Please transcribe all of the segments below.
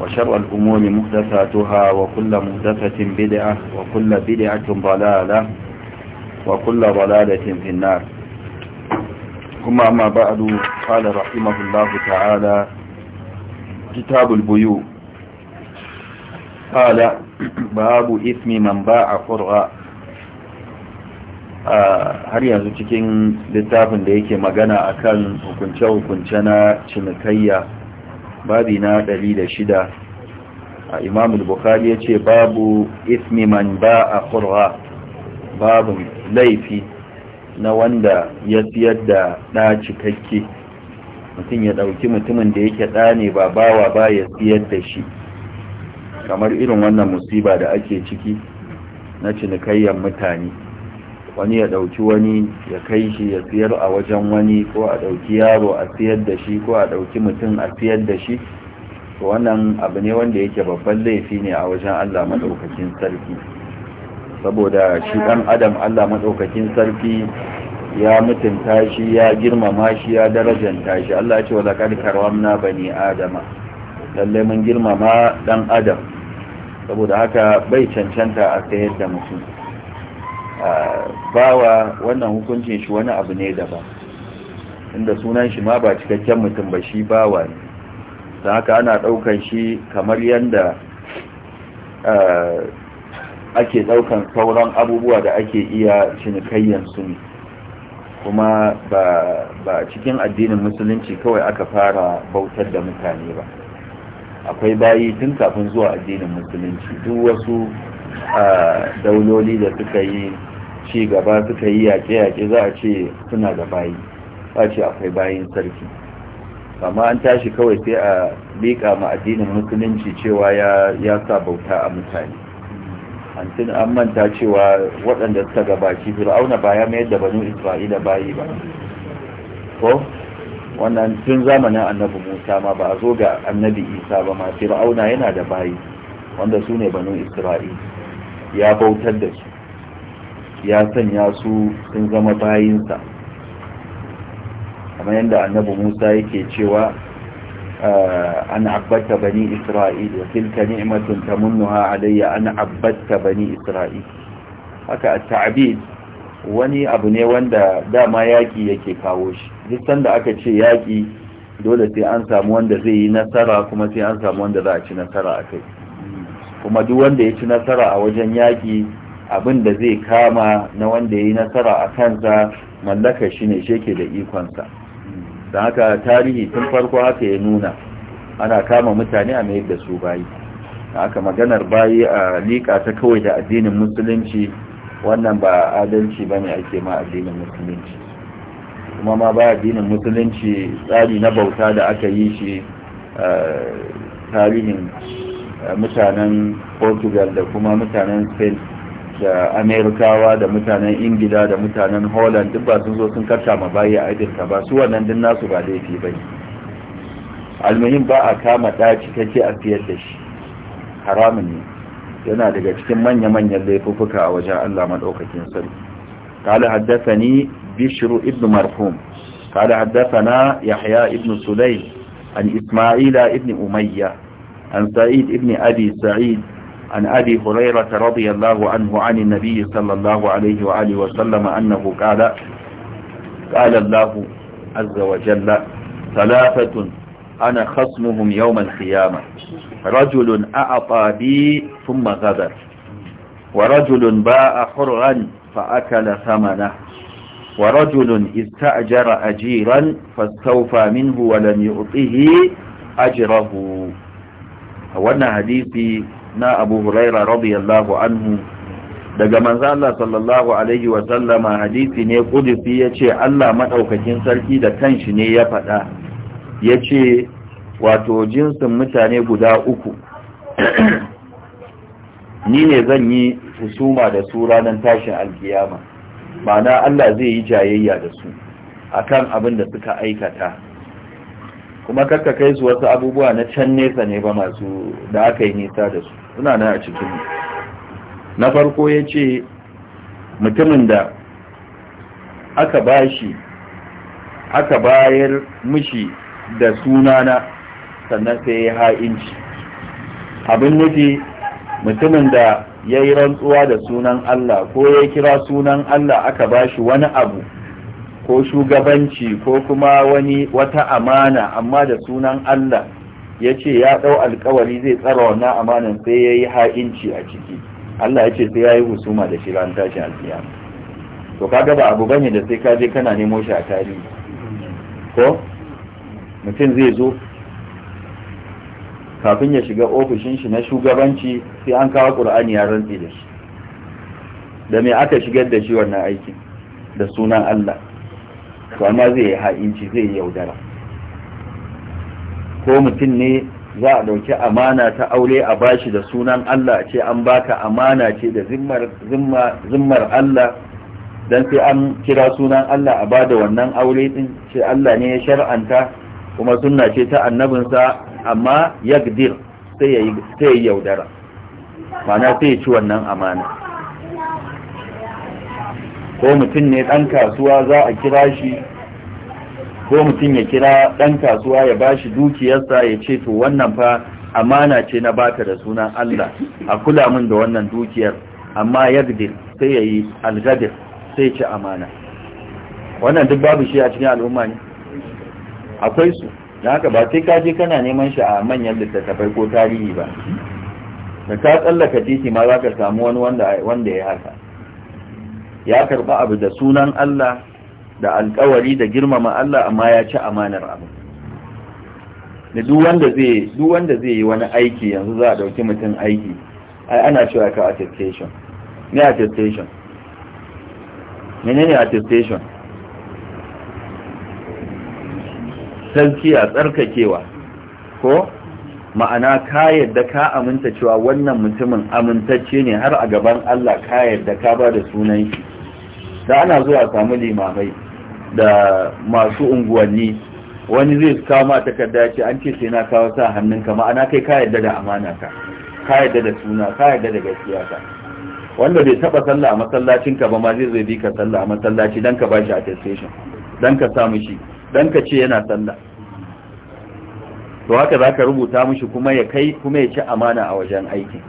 وشر الأمور محدثاتها وكل محدثة بدعة وكل بدعة ضلالة وكل ضلالة في النار ثم أما بعد قال رحمه الله تعالى كتاب البيوء قال باب إثم من باع فرغا har yanzu cikin littafin da yake magana akan hukunce-hukunce na cinikayya babi na shida. a imam Bukhari ya ce babu ismi man a qurra babu laifi na wanda ya siyar da ɗa cikakke mutum ya ɗauki mutumin da yake ɗa ne ba bawa ba ya siyar da shi kamar irin wannan musiba da ake ciki na cinikayyar mutane wani ya ɗauki wani ya kai shi ya siyar a wajen wani ko a ɗauki yaro a siyar da shi ko a ɗauki mutum a siyar da shi to wannan abu ne wanda yake babban laifi ne a wajen Allah maɗaukakin sarki saboda shi dan adam Allah maɗaukakin sarki ya mutunta shi ya girmama shi ya darajanta shi Allah ya ce wa laqad karramna bani adama lalle mun girmama dan adam saboda haka bai cancanta a sayar da mutum bawa wannan hukuncin shi wani abu ne da ba, inda sunan shi ma ba cikakken mutum ba shi bawa ne don haka ana ɗaukan shi kamar yadda ake ɗaukan sauran abubuwa da ake iya cinikayyansu su ne kuma ba cikin addinin musulunci kawai aka fara bautar da mutane ba akwai bayi tun kafin zuwa addinin musulunci duk wasu dauloli da suka yi ci gaba suka yi yaƙe-yaƙe za a ce suna da bayi a ce akwai bayin sarki amma an tashi kawai sai a liƙa ma addinin musulunci cewa ya sa bauta a mutane an an manta cewa waɗanda suka gabaci fir'auna ba ya mayar da banu isra'ila bayi ba ko wannan tun zamanin annabi musa ma ba a zo ga annabi isa ba ma fir'auna yana da bayi wanda su ne banu isra'ila ya bautar da su ya sanya su sun zama bayinsa kamar yadda annabi musa yake cewa ah, an abbata bani isra'il wa tilka ni'matun tamunnuha alayya an abbata bani isra'il haka at-ta'bid wani abu ne wanda dama yaki yake kawo shi duk sanda aka ce yaki dole sai an samu wanda zai yi nasara kuma sai an samu wanda za a ci nasara a kai kuma duk wanda ya ci nasara a wajen yaki abin da zai kama na wanda ya yi nasara a kansa mallaka shi ne sheke da ikonsa don haka tarihi tun farko haka ya nuna ana kama mutane a mayar da su bayi haka maganar bayi a liƙa ta kawai da addinin musulunci wannan ba adalci ba ne ake ma addinin musulunci kuma ma ba addinin musulunci tsari na bauta da aka yi shi eh, tarihin eh, mutanen portugal da kuma mutanen spain da amerikawa da mutanen ingila da mutanen holland duk ba sun zo sun karta ma bayi a idinka ba su wannan din nasu ba laifi bai almuhim ba a kama ɗa cikakke a fiyar da shi haramun ne yana daga cikin manya-manyan laifuka a wajen allah maɗaukakin sarki قال حدثني بشر ابن مرحوم قال حدثنا yahya ابن سليم an ismaila ابن umayya an sa'id ابن abi sa'id عن أبي هريرة رضي الله عنه عن النبي صلى الله عليه وآله وسلم أنه قال قال الله عز وجل ثلاثة أنا خصمهم يوم القيامة رجل أعطى بي ثم غدر ورجل باع حرعا فأكل ثمنه ورجل استأجر أجيرا فاستوفى منه ولم يعطه أجره wannan حديثي na abu huraira radiyallahu anhu daga manzo Allah sallallahu alaihi wa sallama hadisi ne kudufi yace Allah madaukakin sarki da kanshi ne ya faɗa yace wato jinsin mutane guda uku ni ne zan yi husuma da su ranar tashin alkiyama ma'ana Allah zai yi jayayya da su akan abin da suka aikata kuma kakka kai su wasu abubuwa na can nesa ne ba masu da aka yi nisa da su suna nan a cikin na farko ya ce mutumin da aka bashi aka bayar mishi da sunana sannan sai ya ha'inci abin nufi mutumin da ya yi rantsuwa da sunan Allah ko ya kira sunan Allah aka bashi wani abu ko shugabanci ko kuma wani wata amana amma da sunan Allah ya ce ya ɗau alkawari zai tsara wannan amanan sai ya yi ha'inci a ciki Allah ya ce sai ya yi husuma da shi ran tashin alfiya to ka ba abu bane da sai ka je kana nemo shi a tarihi ko mutum zai zo kafin ya shiga ofishin shi na shugabanci sai an kawo ƙur'ani ya rantsi da shi da me aka shigar da shi wannan aikin da sunan Allah to amma zai yi ha'inci zai yi yaudara ko mutum ne za a ɗauki amana ta aure a bashi da sunan Allah ce an baka amana ce da zimmar Allah don sai an kira sunan Allah a bada wannan aure din ce Allah ne ya shar'anta kuma sunna ce ta annabinsa amma yagdir sai ya yaudara mana sai ya ci wannan amana ko mutum ne ɗan kasuwa za a kira shi ko mutum ya kira ɗan kasuwa ya bashi dukiyarsa ya ce to wannan fa amana ce na bata da suna Allah a kula min da wannan dukiyar amma yagdir sai yayi algadir sai ce amana wannan duk babu shi a cikin al'umma ne akwai su da haka ba sai ka je kana neman shi a manyan littattafai ko tarihi ba da ka tsallaka titi ma za ka samu wani wanda ya haka ya karba abu da sunan Allah da alkawari da girmama Allah amma ya ci amanar abu da duk wanda zai duk wanda zai yi wani aiki yanzu za a dauki mutum aiki ai ana cewa ka attestation ne attestation menene attestation tsalkiya tsarkakewa ko ma'ana ka yadda ka aminta cewa wannan mutumin amintacce ne har a gaban Allah ka yadda ka ba da sunan shi da ana zuwa samu limamai da masu unguwanni wani zai kawo kama takarda ce an ce sai na kawo sa hannunka ma'ana kai ka yarda da amana ka ka yarda da suna ka yarda da gaskiya ka wanda bai taba sallah a masallacin ka ba ma zai zai bika sallah a masallaci dan ka bashi attestation dan ka sa shi dan ka ce yana sallah to haka zaka rubuta mishi kuma ya kai kuma ya ci amana a wajen aiki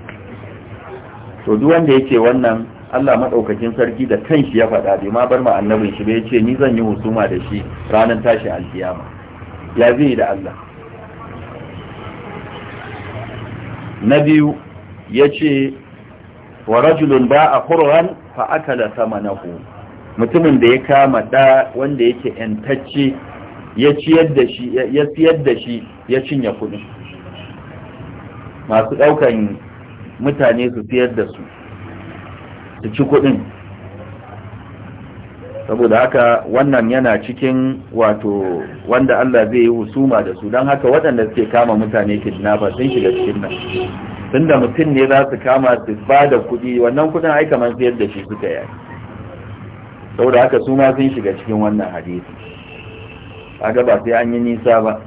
to duk wanda yake wannan Allah maɗaukakin sarki da kanshi ya faɗa bai ma bar ma annabin shi bai ce ni zan yi husuma da shi ranar tashi alkiyama ya zai da Allah na biyu ya ce wa rajulun ba a kurwan fa na samanahu mutumin da ya kama da wanda yake yantacce ya ciyar da shi ya siyar da shi ya cinye kuɗi masu ɗaukan mutane su siyar da su su ci kuɗin saboda haka wannan yana cikin wato wanda Allah zai yi husuma da su don haka waɗanda suke kama mutane kidnapper sun shiga cikin nan tun da mutum ne za su kama su ba da kuɗi wannan kuɗin ai kamar sayar da shi suka yi saboda haka su ma sun shiga cikin wannan hadisi kaga ba sai an yi nisa ba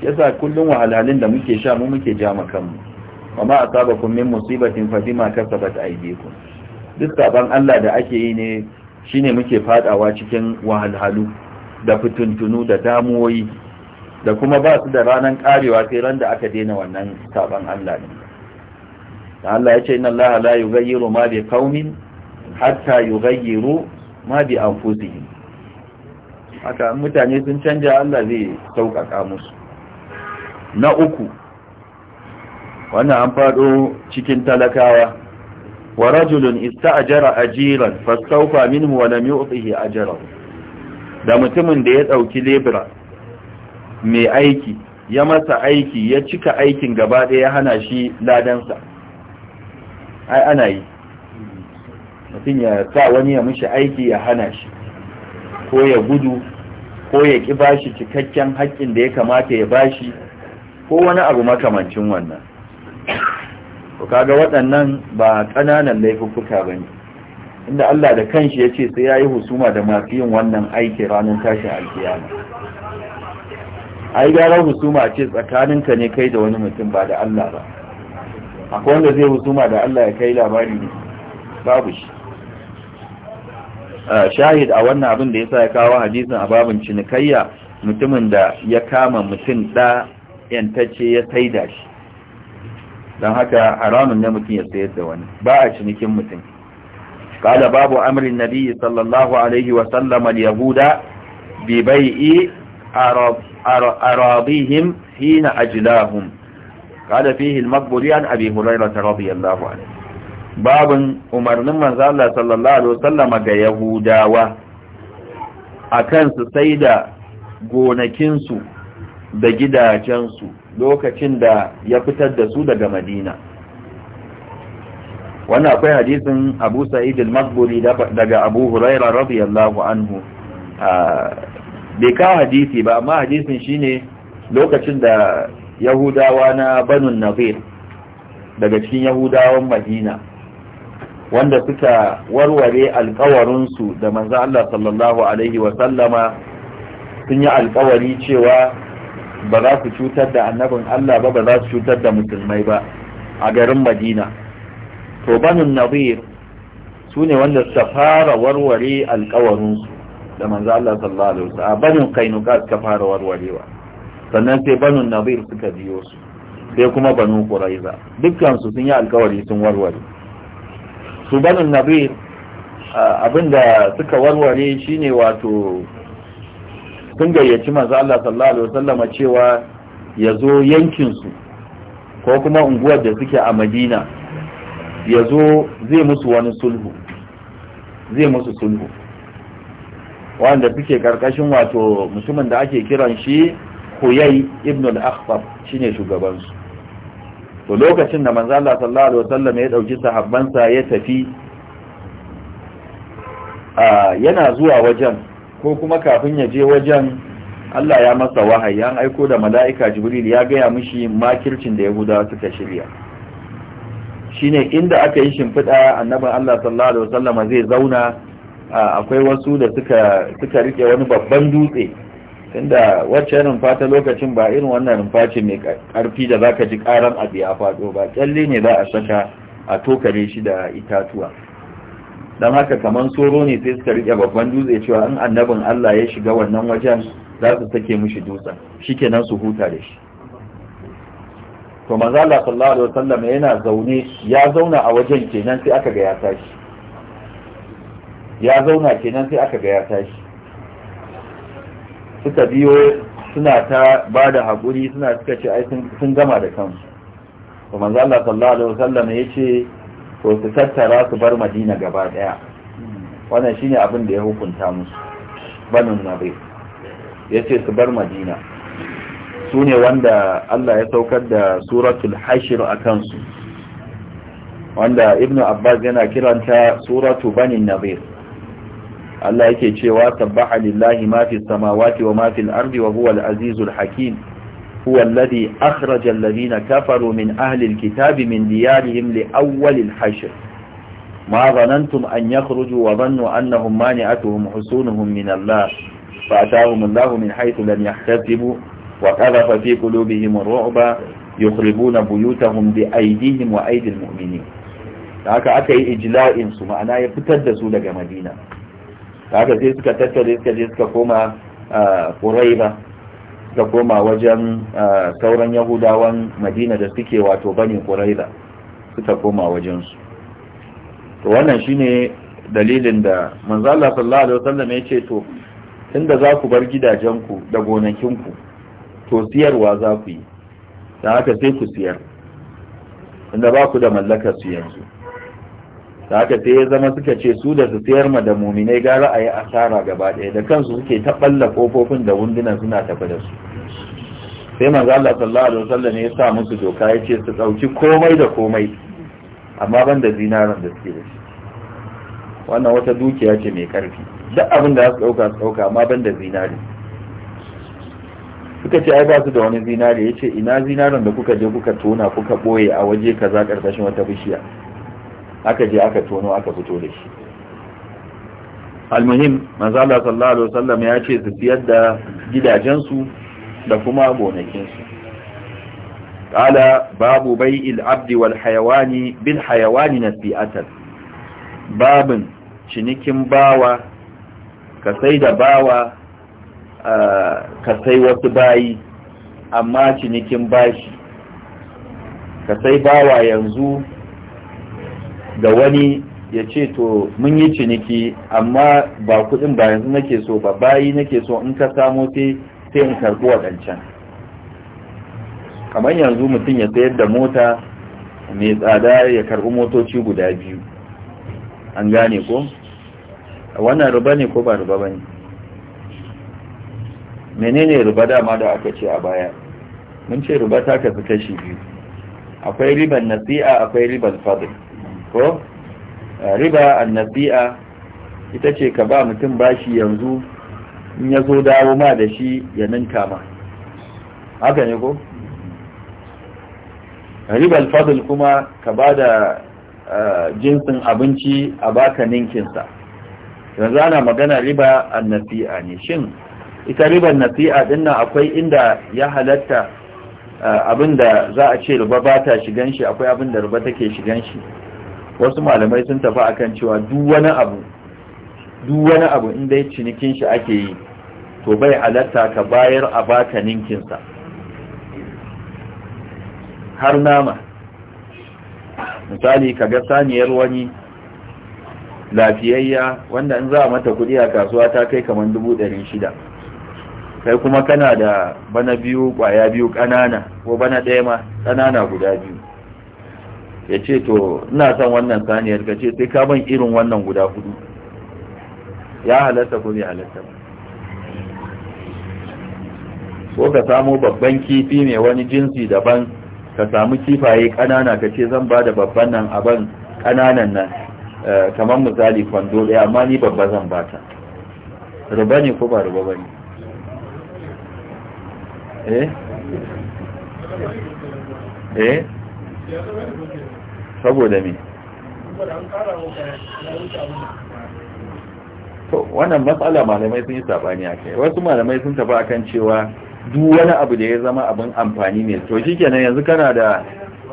shi yasa kullum wahalhalun da muke sha mu muke ja kanmu wa ma asabakum min musibatin fa bima kasabat aydikum duk saban Allah da ake yi ne shine muke fadawa cikin wahalhalu da fituntunu da damuwoyi da kuma ba su da ranar karewa sai ran da aka daina wannan saban Allah ne Allah ya ce inna Allah la yughayyiru ma bi qaumin hatta yughayyiru ma bi anfusihim haka mutane sun canja Allah zai sauƙaƙa musu na uku wannan an faɗo cikin talakawa wa rajulun ista'jara ajiran fastawfa minhu wa lam yu'tihi ajrahu da mutumin da ya ɗauki lebura. mai aiki ya masa aiki ya cika aikin gaba ɗaya ya hana shi ladansa ai ana yi mutum ya sa wani ya mishi aiki ya hana shi ko ya gudu ko ya ƙi bashi cikakken haƙƙin da ya kamata ya bashi ko wani abu makamancin wannan to kaga waɗannan ba ƙananan laifuka ne, inda Allah da kanshi ya ce sai ya yi husuma da masu yin wannan aiki ranar tashin alkiyama ai gara husuma ce tsakaninka ne kai da wani mutum ba da Allah ba akwai wanda zai husuma da Allah ya kai labari ne babu shi ah, shahid a wannan abin da ya sa ya kawo hadisin a babin cinikayya mutumin da ya kama mutum ɗa yantacce ya saida shi don haka haramun ne mutum ya sayar da wani ba a cinikin mutum kada babu amrin nabi sallallahu alaihi wa sallam al-yahuda bi bai'i aradihim hina ajlahum kada fihi al an abi hurairah radiyallahu anhu babun umarnin manzo sallallahu alaihi wa sallam ga yahudawa akan su saida gonakinsu da gidajensu. lokacin da ya fitar da su daga madina wannan akwai hadisin abu sa'id al-maqburi daga abu huraira radiyallahu anhu ah, bai ka hadisi ba amma hadisin shine lokacin da yahudawa na banun nazir daga cikin yahudawan madina wanda suka warware alkawarinsu da manzo Allah sallallahu alaihi wa sallama sun yi alkawari cewa ba za su cutar da annabin Allah ba ba za su cutar da musulmai ba a garin Madina to banin nadir su ne wanda suka fara warware alkawarinsu da manzo Allah sallallahu alaihi wasallam banin kainuka suka fara warwarewa sannan sai banin nadir suka biyo su sai kuma banu quraiza dukkan su sun yi alkawari sun warware su banin nadir abinda suka warware shine wato sun gayyaci maza Allah sallallahu alaihi wasallama cewa ya zo yankinsu. ko kuma unguwar da suke a Madina ya zo zai musu wani sulhu zai musu sulhu wanda suke karkashin wato mutumin da ake kiran shi Huyay ibn al-Akhtab shine shugaban su to lokacin da manzo Allah sallallahu alaihi wasallam ya dauki sahabbansa ya tafi a yana zuwa wajen ko kuma kafin ya je wajen Allah ya masa wahayi an aiko da mala'ika jibril ya gaya mishi makircin da yahudawa suka shirya shine inda aka yi shimfiɗa annabin Allah sallallahu alaihi wasallam zai zauna akwai wasu da suka suka rike wani babban dutse tunda wacce rumfa ta lokacin ba irin wannan rumfa mai karfi da zaka ji karan abu ya faɗo ba kyalle ne za a saka a tokare shi da itatuwa don haka kaman soro ne sai suka rike babban dutse cewa in annabin Allah ya shiga wannan wajen za su sake mishi dutsen shikenan su huta da shi to manzo Allah sallallahu alaihi wasallam yana zaune ya zauna a wajen kenan sai aka ga ya tashi ya zauna kenan sai aka ga ya tashi suka biyo suna ta ba da haƙuri suna suka ce ai sun gama da kansu to manzo Allah sallallahu alaihi wasallam ya ce to su tattara su bar madina gaba daya wannan shine abin da ya hukunta musu banin nabi yace su bar madina Sune wanda Allah ya saukar da suratul hashir a kansu wanda ibnu abbas yana kiranta suratu banin nabi Allah yake cewa tabbaha lillahi ma fi samawati wa ma al ardi wa huwa al-azizul hakim هو الذي أخرج الذين كفروا من أهل الكتاب من ديارهم لأول الحشر ما ظننتم أن يخرجوا وظنوا أنهم مانعتهم حصونهم من الله فأتاهم الله من حيث لم يحتسبوا وقذف في قلوبهم الرعب يخربون بيوتهم بأيديهم وأيدي المؤمنين haka aka إجلاء ijla'in su ma'ana ya fitar da su daga madina haka sai ta koma wajen sauran yahudawan madina da suke wato bani ƙuraiza suka koma wajensu to wannan shine dalilin da manzala sallallahu alaihi wasallam ya ce to tunda za ku bar gidajenku da gonakinku to siyarwa za ku yi don haka sai ku siyar inda ba ku da mallakar su yanzu da haka sai ya zama suka ce su da su sayar ma da muminai gara a yi asara gaba ɗaya da kansu suke ta ƙofofin kofofin da wundunan suna tafi da su sai manzo Allah sallallahu alaihi wasallam ya sa musu doka ya ce su ɗauki komai da komai amma ban da zinaran da suke da shi wannan wata dukiya ce mai ƙarfi duk abin da za su ɗauka su ɗauka amma ban da zinari suka ce ai ba su da wani zinari ya ce ina zinaren da kuka je kuka tona kuka ɓoye a waje kaza ƙarƙashin wata bishiya aka je aka tono aka fito da shi almuhim manzala sallallahu alaihi wasallam ya ce su siyar da gidajensu da kuma gonakinsu qala babu bai'il abdi wal hayawani bil hayawani Babun babin cinikin bawa ka sai da bawa ka sai wasu bayi amma cinikin bashi ka sai bawa yanzu da wani ya ce to mun yi ciniki amma ba kuɗin ba yanzu nake so ba bayi nake so in ka samo sai sai in karɓi waɗancan kamar yanzu mutum ya sayar da mota mai tsada ya karɓi motoci guda biyu an gane ko wannan ruba ne ko ba ruba ba ne menene ruba dama da aka ce a baya mun ce ruba ta kasu kashi biyu akwai riban nasi'a akwai riban fadil ko eh, riba annabi'a ita ce ka ba mutum bashi yanzu in ya zo dawo ma da shi ya ninka ma haka ne ko riba alfadl kuma ka ba da eh, jinsin abinci a baka ninkinsa yanzu ana magana riba annabi'a ne shin ita ribar nasi'a din akwai inda ya halatta eh, abinda za a ce ruba ba ta shigan shi akwai abinda ruba take shigan shi wasu malamai sun tafi a kan cewa duk wani abu in dai cinikin shi ake yi to bai halatta ka bayar a baka ninkinsa har nama misali ka ga saniyar wani lafiyayya wanda in za a mata kudi a kasuwa ta kai kamar shida. kai kuma kana da bana biyu kwaya biyu kanana ko bana ɗaya ma kanana guda biyu ya ce to ina son wannan saniyar ka ce sai ka ban irin wannan guda hudu ya halatta ko bai halatta ko ka samu babban kifi mai wani jinsi daban ka samu kifaye ƙanana ka ce zan ba da babban nan aban ƙananan nan eh, kamar misali kwando ɗaya amma ni babba zan ba ta ruba ne ko ba ruba ba ne eh eh saboda me to wannan matsala malamai sun yi sabani a kai wasu malamai sun tafi akan cewa duk wani abu da ya zama abin amfani ne to shikenan yanzu kana da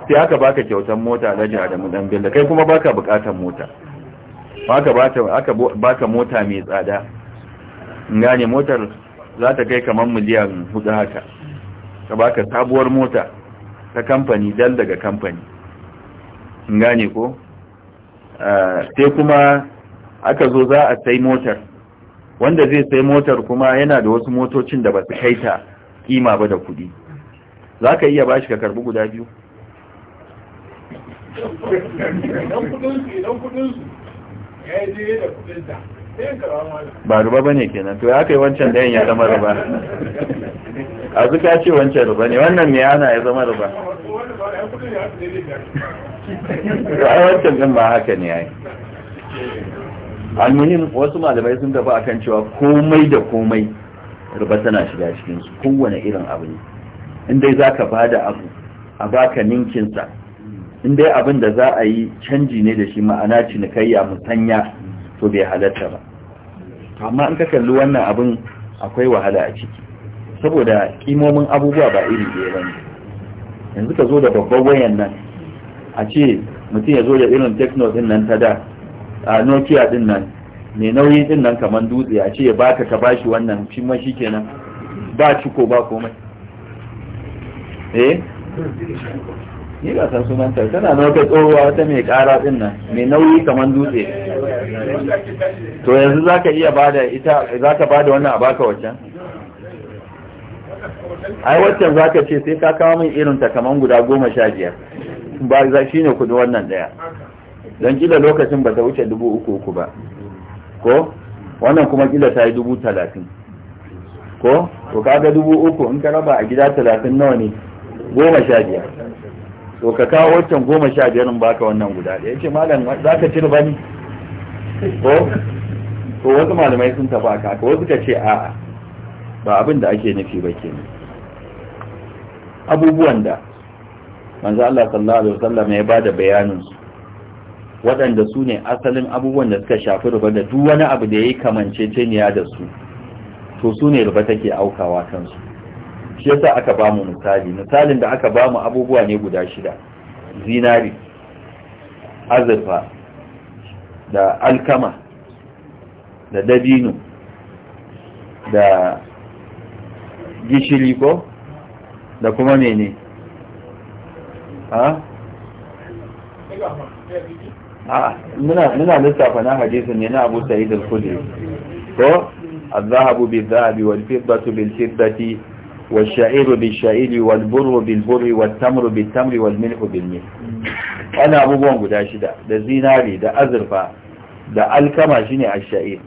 sai aka baka kyautar mota laja da mudan billa kai kuma baka bukatar mota baka bata aka baka mota mai tsada gane motar za ta kai kamar miliyan hudu haka ka baka sabuwar mota ta kamfani dan daga kamfani gane ko ah, sai kuma aka zo za a sai motar wanda zai sai motar kuma yana da wasu motocin da ba su kai ta kima ba da kudi za ka iya bashi ka karbi guda biyu ba ruba ba ne kenan to ya kai wancan dayan ya zama ruba a zuka ce wancan ruba ne wannan mai ana ya zama ruba ai wancan din ba haka ne yi almuhim wasu malamai sun tafi kan cewa komai da komai riba tana shiga cikin kowane irin abu ne in dai ba da abu a baka ka ninkinsa. in dai abin da za a yi canji ne da shi ma'ana cinikayya musanya to bai halatta ba amma in ka kalli wannan abin akwai wahala a ciki saboda kimomin abubuwa ba iri ɗaya ne yanzu ka zo da babban wayan nan a ce mutum ya zo da irin techno din nan ta da a nokia din nan mai nauyi din nan kamar dutse a ce ya baka ka bashi wannan shi ma shi kenan ba ciko ba komai eh ni ba san sunan ta tana na wata tsohuwa wata mai kara din nan mai nauyi kamar dutse to yanzu zaka iya bada ita zaka bada wannan a baka wancan ai waccan za ka ce sai ka kawo min irin ta kaman guda goma sha biyar ba za shi ne kudi wannan daya don kila lokacin ba ta wuce dubu uku uku ba ko wannan kuma kila ta yi dubu talatin ko to kaga dubu uku in ka raba a gida talatin nawa ne goma sha biyar to ka kawo waccan goma sha biyar in baka wannan guda ɗaya ce malam za ka ci ba ni ko to wasu malamai sun tafi kaka? wasu ka ce a'a ba abin da ake nufi ba kenan abubuwan da manzo Allah sallallahu alaihi wasallam ya bada bayanin su waɗanda su ne asalin abubuwan da suka shafi ruba da duk wani abu da yayi kamanceceniya da su to su ne ruba take aukawa kansu shi yasa aka ba mu misali misalin da aka ba mu abubuwa ne guda shida zinari azurfa da alkama da dabino da gishiri ko da kuma mene ha? a nuna littafa na hadisun ne na abu sa'id al-kudu ko a zahabu bil zahabi wal fiddatu bil fiddati wal sha'iru bil sha'iri wal burru bil burri wal tamru bil tamri wal milhu bil mil ana abubuwan guda shida da zinari da azurfa da alkama shi ne a sha'ir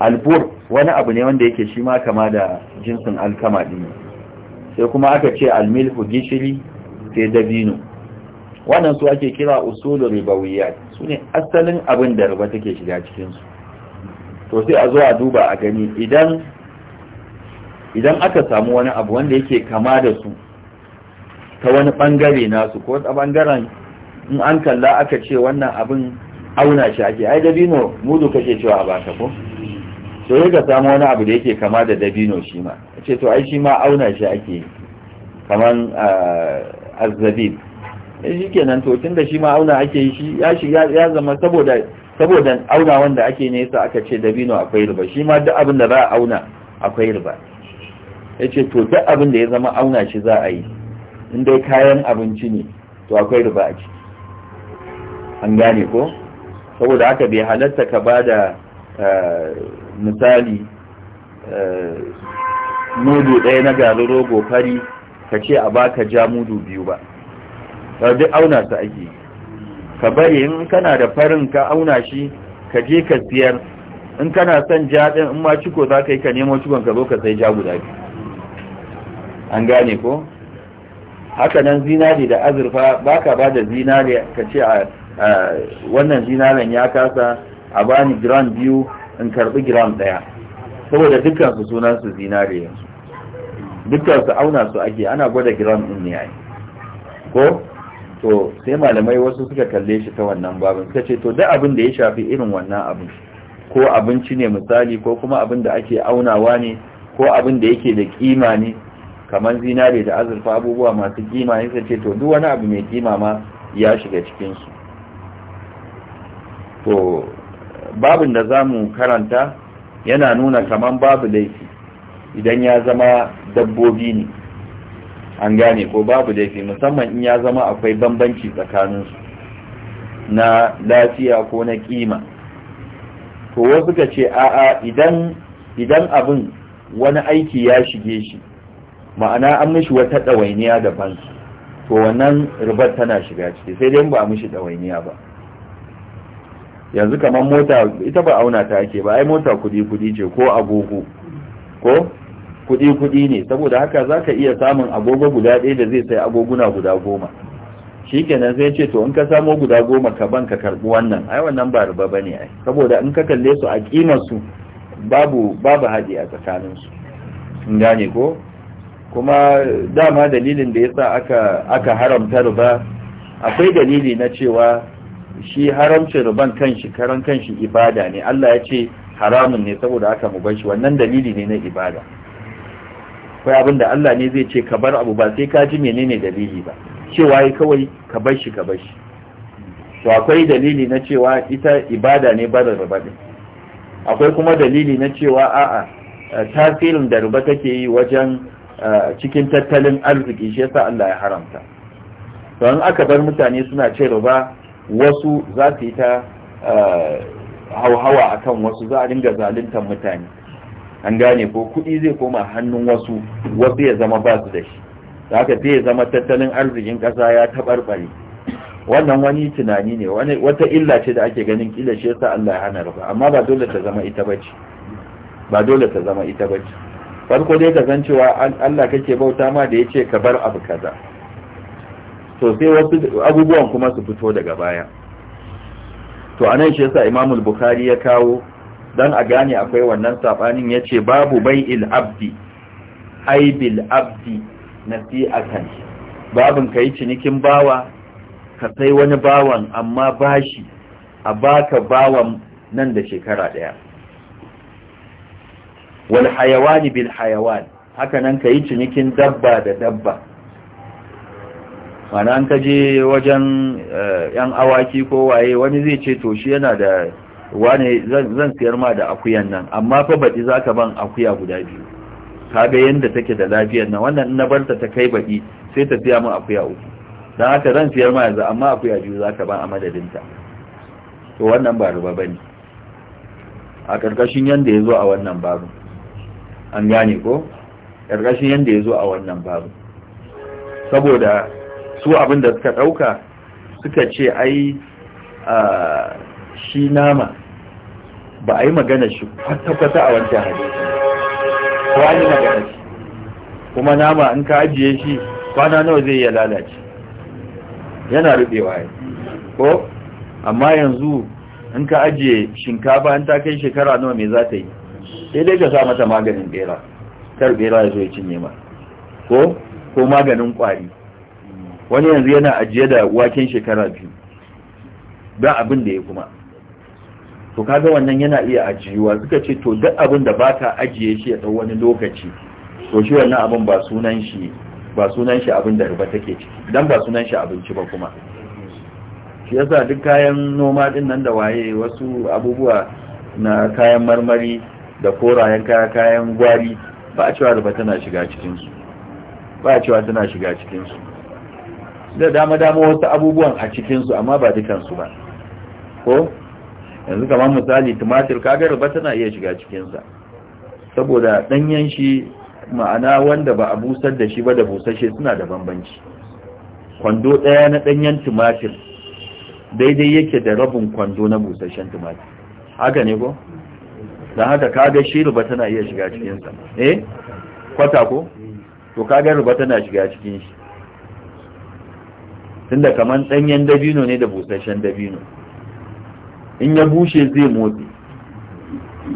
albur wani abu ne wanda yake shi ma kama da jinsin alkama ɗin sai kuma aka ce almilhu gishiri sai dabino wannan su ake kira usulul ribawiyat su ne asalin abin da riba take shiga cikinsu to sai a zo a duba a gani idan idan aka samu wani abu wanda yake kama da su ta wani bangare nasu ko ta bangaren in an kalla aka ce wannan abin auna shi ake ai dabino mudu kake cewa ba ta ko sai ga samu wani abu da yake kama da dabino shi ma ce to ai shi ma auna shi ake yi kaman azzabib eh, shi kenan to tun da shi ma auna ake yi shi ya shi ya zama saboda saboda auna wanda ake nesa, aka ce dabino akwai riba shi ma duk abin da za a auna akwai riba Ya ce to duk abin da ya zama auna shi za a yi in dai kayan abinci ne to akwai riba a ciki an gane ko saboda haka bai halatta ka ba da. Eh, misali eh, mudu ɗaya na garin rogo fari ka ce a baka ja mudu biyu ba duk auna su ake ka bari in kana da farin ka auna shi ka je ka siyar in kana son ja ɗin in ma ciko za ka yi ka nemo cikon ka zo ka sai ja guda biyu an gane ko haka nan zinare da azurfa baka ba da zinare ka ce a wannan zinaren ya kasa a bani grand biyu in karbi gram daya saboda dukkan su sunan su zinare yanzu dukkan su auna su ake ana gwada gram din ne ai ko to sai malamai wasu suka kalle shi ta wannan babin suka ce to duk abin da ya shafi irin wannan abin ko abinci ne misali ko kuma abin da ake aunawa ne ko abin da yake da kima ne kamar zinare da azurfa abubuwa masu kima ne suka ce to duk wani abu mai kima ma ya shiga cikin su to babin da za mu karanta yana nuna kaman babu laifi idan ya zama dabbobi ne an gane ko babu laifi musamman in ya zama akwai bambanci tsakaninsu na lafiya ko na kima to wasu ka ce a'a idan idan abin wani aiki ya shige shi ma'ana an mishi wata ɗawainiya daban to wannan rubar tana shiga ciki sai dai ba a mishi ɗawainiya ba yanzu kamar mota ita ba auna ta ake ba ai mota kudi-kudi ce ko agogo ko kudi-kudi ne saboda haka za ka iya samun agogo guda ɗaya da zai sai agoguna guda goma shi kenan sai ce to in ka samo guda goma ka ban ka karɓi wannan ai wannan ba riba ba ne ai saboda in ka kalle su a su babu babu haɗi a tsakaninsu in gane ko kuma dama dalilin da yasa aka aka haramta riba akwai dalili na cewa shi haramcin riban kanshi karan kanshi ibada ne Allah ya ce haramun ne saboda aka mu bar shi wannan dalili ne na ibada kai abin da Allah ne zai ce ka bar abu ba sai ka ji menene dalili ba cewa yi kawai ka bar shi ka bar shi to akwai dalili na cewa ita ibada ne barin ruba din akwai kuma dalili na cewa a'a tasirin da ruba take yi wajen cikin tattalin arziki shi yasa Allah ya haramta to an aka bar mutane suna ce ruba wasu za su yi ta eh, hauhawa a kan wasu za a dinga zaluntar mutane an gane ko kuɗi zai koma hannun wasu wasu ya zama ba su da shi za ka fiye zama tattalin arzikin ƙasa ya taɓarɓare wannan wani tunani ne wata illa ce da ake ganin kila shi yasa Allah ya hana rufa amma ba dole ta zama ita bace ba dole ta zama ita bace farko dai ka san cewa Allah kake bauta ma da yace ka bar abu kaza to sai wasu abubuwan kuma su fito daga baya to anan shi yasa Imam bukhari ya kawo dan a gane akwai wannan sabanin ce babu bai'il abdi aibil abdi nasi'atan babin kai cinikin bawa ka sai wani bawan amma bashi a baka bawan nan da shekara daya wal hayawani bil hayawan haka nan kai cinikin dabba da dabba mana an kaje wajen eh, yan awaki ko waye wani zai ce to shi yana da wane zan siyar ma da akuyan nan amma fa baɗi za ka ban akuya guda biyu Ka ga yadda take da lafiyar nan wannan na barta ta kai baɗi sai ta siya min akuya uku don haka zan siyar ma yanzu amma akuya biyu za ka ban a madadinta to wannan ba ruba ba ne a ƙarƙashin yadda ya zo a wannan babu an gane ko ƙarƙashin yadda ya zo a wannan babu saboda su abin da suka ɗauka suka ce ai shi nama ba a yi magana shi kwata-kwata a wancan hadisi ko ai magana shi kuma nama in ka ajiye shi kwana nawa zai iya lalace yana rubewa ya ko amma yanzu in ka ajiye shinkafa in ta kai shekara nawa mai za ta yi sai dai ka sa mata maganin bera kar bera ya zo ya cinye ma ko ko maganin kwari wani yanzu yana ajiye da waken shekara biyu ba abin da ya kuma to kaga wannan yana iya ajiyuwa suka ce to duk abin da baka ajiye shi ya dau wani lokaci to shi wannan abin ba sunan shi ba sunan shi abin da riba take ciki dan ba sunan shi abinci ba kuma shi yasa duk kayan noma din nan da waye wasu abubuwa na kayan marmari da korayen kaya kayan gwari ba a cewa riba tana shiga cikin su ba a cewa tana shiga cikin su da dama-dama wasu abubuwan a cikinsu amma ba dukansu ba ko yanzu kamar misali tumatir kagar ba tana iya shiga cikinsa saboda ɗanyen shi ma'ana wanda ba a busar da shi ba da busashe suna da bambanci kwando ɗaya na ɗanyen tumatir daidai yake da rabin kwando na busashen tumatir haka ne ko don haka kaga shi ruba tana iya shiga cikinsa eh kwata ko to kagar ruba tana shiga cikin shi tunda kaman danyen dabino ne da busasshen dabino in ya bushe zai motsi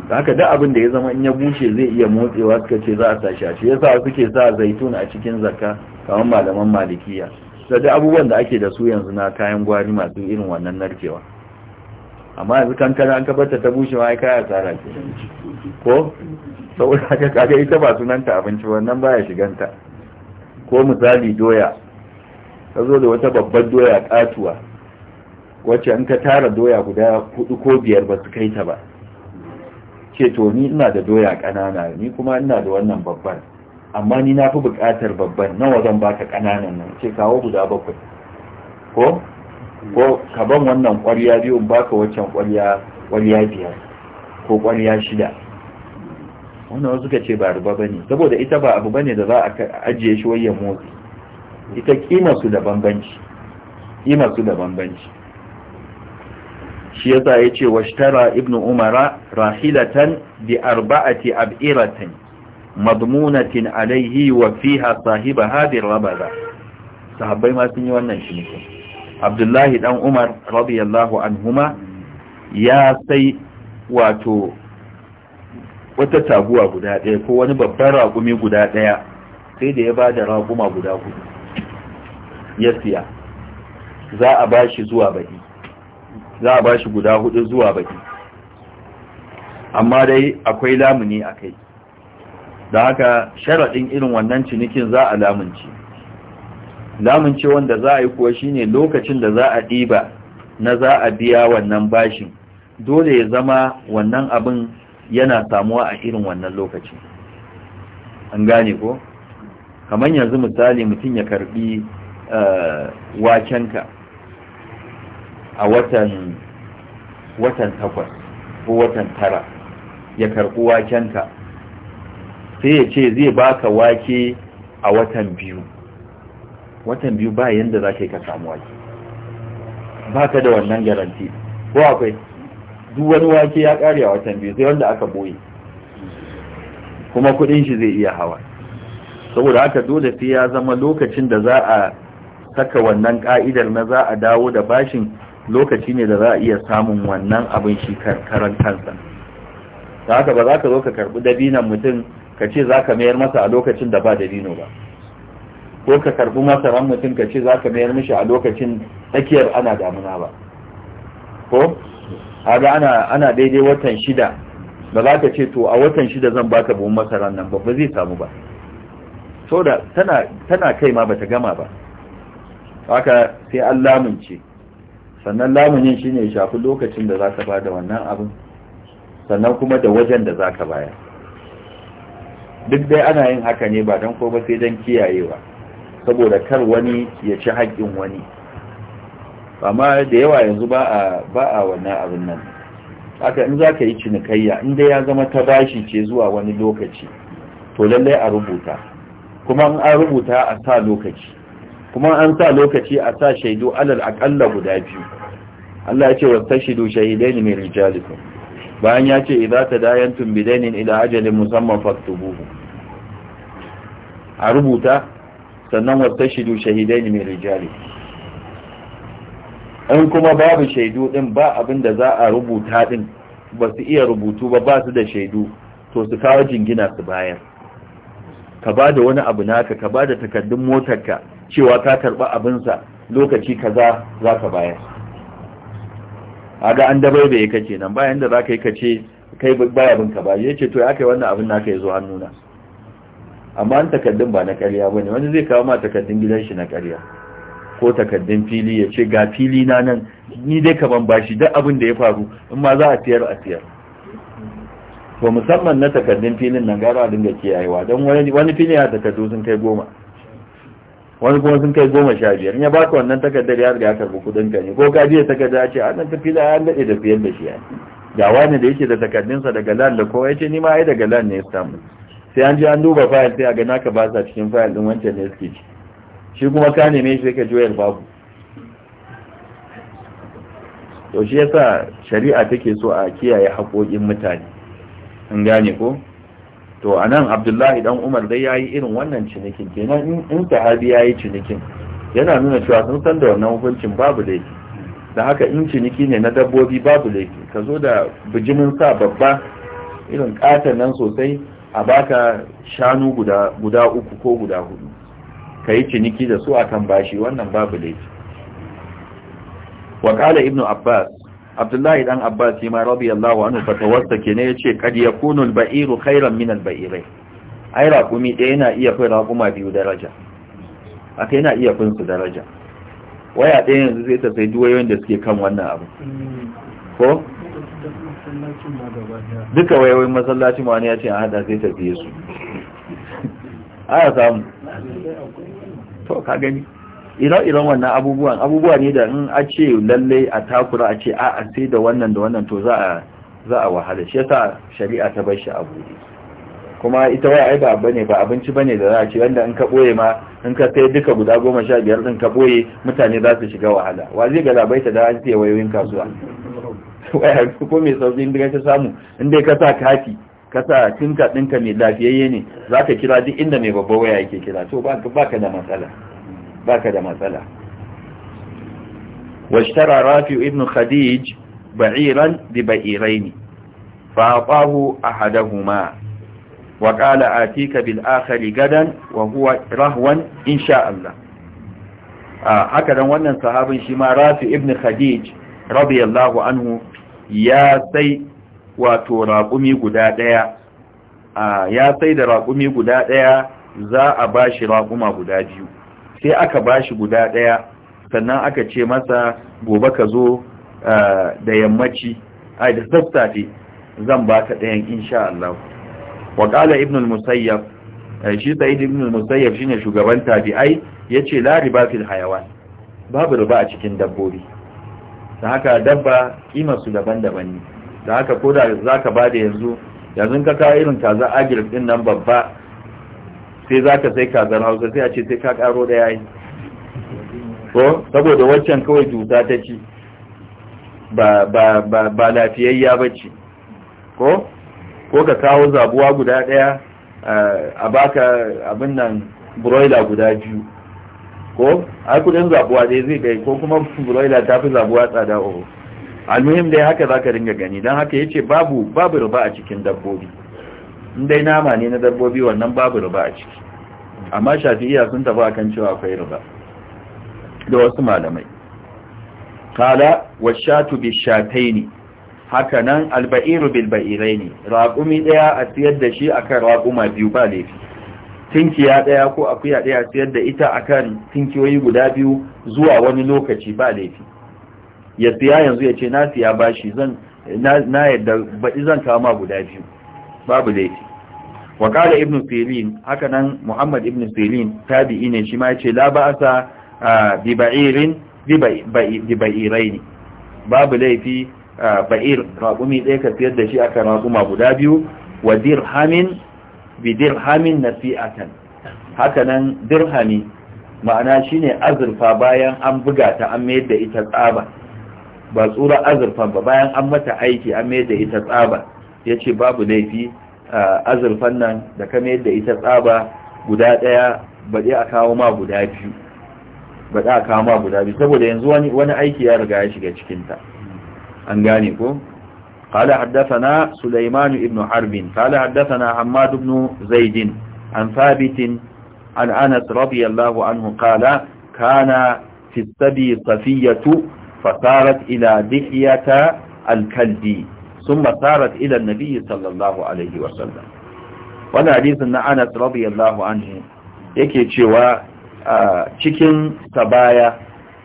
haka duk abin da ya zama in ya bushe zai iya motsewa suka ce za a tashi shi yasa suke sa zaitun a cikin zakka kamar malaman malikiya sai abubuwan da ake da su yanzu na kayan gwari masu irin wannan narkewa amma yanzu kankana an kabarta ta bushe ma kaya tsara ce ko saboda haka kaga ita ba sunanta abinci wannan baya shiganta ko misali doya ka zo da wata babbar doya katuwa wacce in ka tara doya guda hudu ko biyar ba su kai ta ba ce to ni ina da doya kanana ni kuma ina da wannan babban amma ni na fi bukatar babban nawa zan baka kananan nan ce kawo guda bakwai ko ko ka ban wannan ƙwarya biyu in baka waccan ƙwarya biyar ko ƙwarya shida wannan wasu ka ce ba riba ne. saboda ita ba abu ba ne da za a ajiye shi wayan motsi ita kima su da bambanci kima su da bambanci shi yasa ce washtara ibnu umara rahilatan bi arba'ati ab'iratin madmunatin alaihi wa fiha sahiba Hadir rabada sahabbai ma sun yi wannan ciniki abdullahi dan umar radiyallahu anhuma ya sai wato wata taguwa guda ɗaya ko wani babban raƙumi guda ɗaya sai da ya ba da raƙuma guda hudu ya siya za a ba shi zuwa baɗi za a ba shi guda hudu zuwa baɗi amma dai akwai lamuni a kai da haka sharaɗin irin wannan cinikin za a lamunci lamunci wanda za a yi kuwa shine lokacin da za a ɗiba na za a biya wannan bashin dole ya zama wannan abin yana samuwa a irin wannan lokacin an gane ko kamar yanzu misali mutum ya karbi wakenka a watan watan takwas ko watan tara ya karɓi wakenka sai ya ce zai baka wake a watan biyu watan biyu ba yadda za ka yi ka samu wake ba ka da wannan garanti ko akwai duk wani wake ya ƙare a watan biyu sai wanda aka boye kuma kudin shi zai iya hawa saboda haka dole sai ya zama lokacin da za a saka wannan ka'idar na za a dawo da bashin lokaci ne da za a iya samun wannan abin shi karan kansa ta haka ba za ka zo ka karbi dabinan mutum ka ce za ka mayar masa a lokacin da ba dabino ba ko ka karbi masaran mutum ka ce za ka mayar mishi a lokacin tsakiyar ana damuna ba ko haga ana ana daidai watan shida ba za ka ce to a watan shida zan baka buhun masaran nan ba ba zai samu ba so da tana tana kai ma bata gama ba haka sai an lamunce sannan lamunin shi ne shafi lokacin da za ka ba da wannan abin sannan kuma da wajen da za ka baya. duk dai ana yin haka ne ba don ba sai don kiyayewa saboda kar wani ya ci haƙƙin wani amma da yawa yanzu ba a wannan abin nan haka in za ka yi cinikayya in inda ya zama ta bashi ce zuwa wani lokaci to lallai a rubuta kuma in an rubuta a sa lokaci kuma an sa lokaci a sa shaidu alal akalla guda biyu Allah ya ce wastashidu shahidaini min rijalikum bayan ya ce idza tadayantum bidainin ila ajalin musamman faktubuhu a rubuta sannan wastashidu shahidaini min rijalikum in kuma babu shaidu din ba abin da za a rubuta din ba su iya rubutu ba ba su da shaidu to su kawo jingina su bayar ka ba da wani abu naka ka ba da takardun motarka cewa ta karba abinsa lokaci kaza za ka bayar A ga an dabai bai kace nan bayan da za ka yi kace kai baya bin ka ba ya ce to ya kai wannan abin naka ya zo hannuna amma an takaddun ba na karya ne wani zai kawo ma takaddun gidan shi na karya ko takaddun fili ya ce ga fili na nan ni dai ka ban bashi duk abin da ya faru in ma za a siyar a siyar to musamman na takaddun filin nan gara dinga kiyayewa don wani fili ya takaddu sun kai goma wani kuma sun kai goma sha biyar ya baka wannan takardar ya riga karbi kudin ka ne ko ka biya a ce a nan tafi da an dade da fiyar da shi ga wani da yake da takardunsa daga lan da kowa yace ni ma ai daga lan ne ya samu sai an ji an duba fayil sai a ga naka ba sa cikin fayil din wancan ne suke ci shi kuma ka neme shi ka joyar babu to shi yasa shari'a take so a kiyaye haƙoƙin mutane an gane ko to a nan abdullahi dan umar dai ya yi irin wannan cinikin kenan in sahabi yi cinikin yana nuna cewa sun san da wannan hukuncin babu laifi da haka in ciniki ne na dabbobi babu laifi ka zo da bijimin sa babba irin katon nan sosai a baka shanu guda uku ko guda hudu ka yi ciniki da su akan bashi wannan babu laifi wa ibnu abbas abdullahi dan abbas ma radiyallahu anhu fatawarsa kenan yace qad yakunu al-ba'iru khayran min al-ba'irai ai raƙumi ɗaya yana iya fin raƙuma biyu daraja aka yana iya fin su daraja waya ɗaya yanzu zai ta sai duwayoyin da suke kan wannan abu ko duka wayoyin masallacin ma ne ce a hada sai ta biye su a samu to ka gani ire-iren wannan abubuwan abubuwa ne da in a ce lalle a takura a ce a a sai da wannan da wannan to za a wahala shi yasa shari'a ta bar shi a buɗe kuma ita wai ai ba bane ba abinci bane da za a ce wanda in ka boye ma in ka sai duka guda goma sha biyar din ka boye mutane za su shiga wahala wa zai ta da an ce wayoyin kasuwa waya ko mai sauƙi inda ka samu in dai ka sa kati ka sa tinka ɗinka mai lafiyayye ne za ka kira duk inda mai babba waya yake kira to ba ka da matsala baka da matsala washtara rafi ibn khadij ba'iran bi ba'iraini fa atahu ahadahuma wa qala atika bil akhari gadan wa huwa rahwan insha haka dan wannan sahabin shi ma rafi ibn khadij radiyallahu anhu wato raƙumi guda ya sai da raƙumi guda ɗaya za a ba shi raƙuma guda biyu sai aka ba shi guda ɗaya sannan aka ce masa gobe ka zo ah, da yammaci ai da sassafe zan baka ɗayan insha Allah wa ibn al-musayyab eh, shi sa'id ibn al-musayyab shine shugaban tabi'ai yace la riba fil hayawan babu riba a cikin dabbobi da haka dabba kima su daban-daban ne da haka ko da zaka bada yanzu yanzu ka kawo irin kaza agirf din nan babba sai za ka sai kazan hausa sai a ce sai ka karo da yayi ko saboda waccan kawai cuta ta ci ba lafiyayya ba ce ko ko ka kawo zabuwa guda daya eh, a baka abin nan broiler guda biyu ko ai kudin zabuwa dai zai kai ko kuma broiler ta fi zabuwa tsada oho almuhim dai haka za ka ringa gani don haka ya ce babu babu riba a cikin dabbobi in dai nama ne na dabbobi wannan babu riba a ciki amma shafi'iya sun tafi akan cewa akwai riba da wasu malamai kala wa Shatu bi shataini haka nan alba'iru bil ba'iraini raqumi daya a siyar da shi akan raquma biyu ba laifi tinkiya daya ko akuya daya a siyar da ita akan tinkiyoyi guda biyu zuwa wani lokaci ba laifi ya siya yanzu ya ce na siya bashi zan na yadda baɗi zan kama guda biyu babu laifi wa ibn sirin haka nan muhammad ibn sirin tabi'i ne shi ma yace la ba'sa bi ba'irin ne babu laifi ba'ir raƙumi ɗaya ka siyar da shi aka raƙuma guda biyu wa dirhamin bi dirhamin nasi'atan haka nan dirhami ma'ana shine azurfa bayan an buga ta an mayar da ita tsaba ba tsura azurfan ba bayan an mata aiki an mayar da ita tsaba ya babu laifi a azurfan nan da kame yadda ita tsaba guda daya baɗe a kawo ma guda biyu baɗe yanzu wani aiki ya riga shiga cikinta an gane ku kala haddasana sulaimanu ibn harbin kala haddasana hamadu ibn zaidin an sabitin an'anas, anas radiyallahu anhu kala kana fi tsabi safiyatu fasarat ila dihiyata alkaldi sun masarat ilan Nabiyyu sallallahu alaihi wasallam wani hadisin na anas radiyallahu anhu yake cewa a cikin sabaya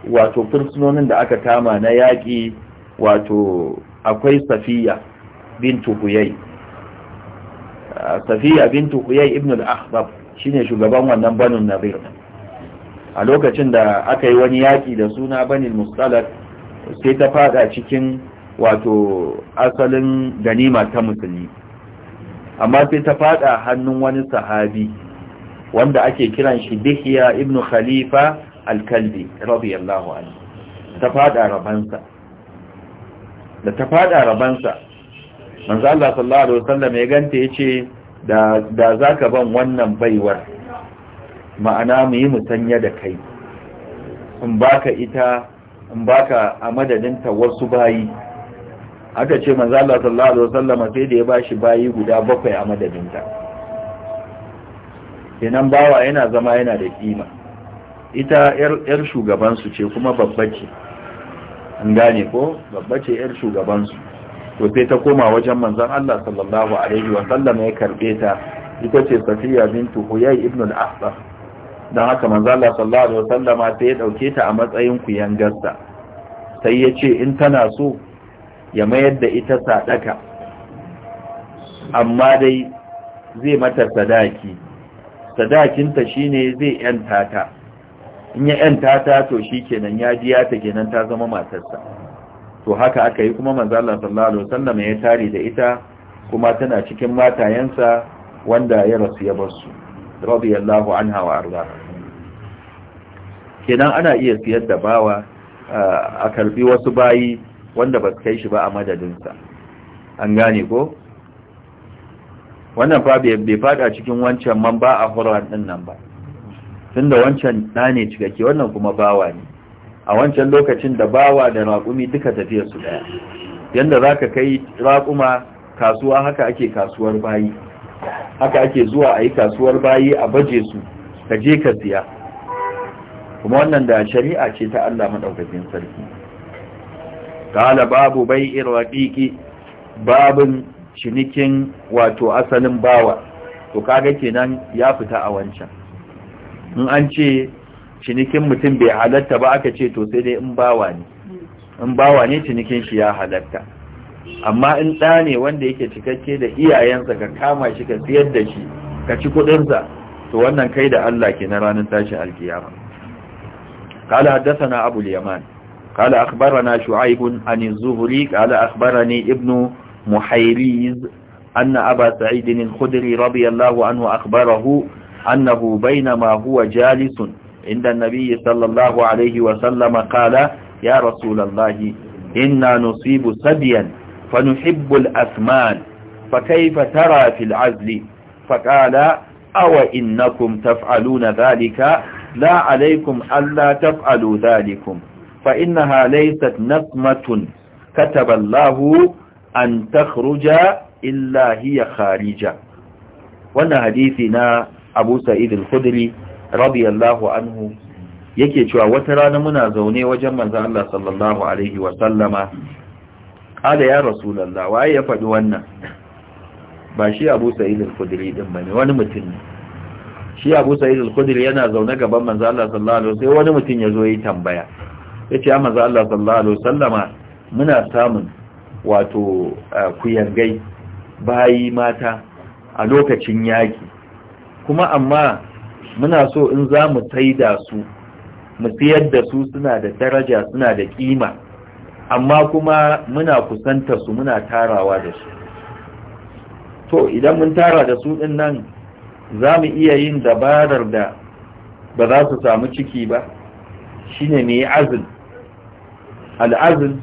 wato fursunonin da aka kama na yaƙi wato akwai safiya bintu huyai safiya bintu huyai ibn al-ahbab shine shugaban wannan banin nabir a lokacin da aka yi wani yaƙi da suna banin musalat sai ta fada cikin wato asalin ganima ta musulmi amma sai ta fada hannun wani sahabi wanda ake kiran shi dihiya ibn khalifa al-kalbi radiyallahu anhu ta fada rabansa da ta fada rabansa manzo Allah sallallahu alaihi wasallam ya ganta yace da da zaka ban wannan baiwar ma'ana mu yi musanya da kai in baka ita in baka a madadinta wasu bayi aka ce manzo Allah sallallahu alaihi wasallam sai da ya bashi bayi guda bakwai a madadinta kenan bawa yana zama yana da kima ita yar shugaban su ce kuma babbace an gane ko babbace yar shugaban su to sai ta koma wajen manzon Allah sallallahu alaihi wasallam ya karbe ta ita ce Safiya bintu huyai ibn al-Ahbab dan haka manzo Allah sallallahu alaihi wasallama sai ya dauke ta a matsayin gasta sai ya ce in tana so ya mayar da ita sadaka amma dai zai mata sadaki sadakinta shine zai yanta ta in ya yanta ta to shikenan ya biya ta kenan ta zama matarsa to haka aka yi kuma manzo Allah sallallahu alaihi wasallam ya tare da ita kuma tana cikin matayensa wanda ya rasu ya bar su radiyallahu anha wa arda kenan ana iya siyar da bawa a karbi wasu bayi wanda ba kai shi ba a madadinsa an gane ko wannan fa bai fada cikin wancan man ba a hurwa din nan ba tunda wancan na ne cikakke wannan kuma bawa ne a wancan lokacin da bawa da raƙumi duka tafiya su daya yanda ka kai raƙuma kasuwa haka ake kasuwar bayi haka ake zuwa a yi kasuwar bayi a baje su ka je ka siya kuma wannan da shari'a ce ta Allah maɗaukakin sarki kala babu بيع الرقيق باب cinikin wato asalin bawa to kaga kenan ya fita a wancan in an ce cinikin mutum bai halatta ba aka ce to sai dai in bawa ne in bawa ne cinikin shi ya halatta amma in ɗa ne wanda yake cikakke da iyayensa ka kama shi ka siyar da shi ka ci kuɗinsa to wannan kai da Allah ke na ranar tashin alkiyama قال حدثنا أبو اليمان قال أخبرنا شعيب عن الزهري قال أخبرني ابن محيريز أن أبا سعيد الخدري رضي الله عنه أخبره أنه بينما هو جالس عند النبي صلى الله عليه وسلم قال يا رسول الله إنا نصيب سبيا فنحب الأثمان فكيف ترى في العزل فقال أو إنكم تفعلون ذلك لا عليكم ألا تفعلوا ذلكم fa innaha laysat nasmatun kataba Allahu an takhruja illa hiya kharija wannan hadisi na Abu Sa'id al-Khudri radiyallahu anhu yake cewa wata rana muna zaune wajen manzon Allah sallallahu alaihi wa sallama kada ya rasulullah waye ya faɗi wannan ba shi Abu Sa'id al-Khudri din bane wani mutum ne shi Abu Sa'id al-Khudri yana zaune gaban manzon Allah sallallahu alaihi wa sallam sai wani mutum ya zo yi tambaya ce amma za Allah sallallahu alaihi wasallama muna samun wato kuyangai bayi mata a lokacin yaki kuma amma muna so in za mu taida su mu siyar da su suna da daraja suna da kima amma kuma muna kusanta su muna tarawa da su to idan mun tara da su din nan za mu iya yin dabarar da ba za su samu ciki ba shine mai azul shi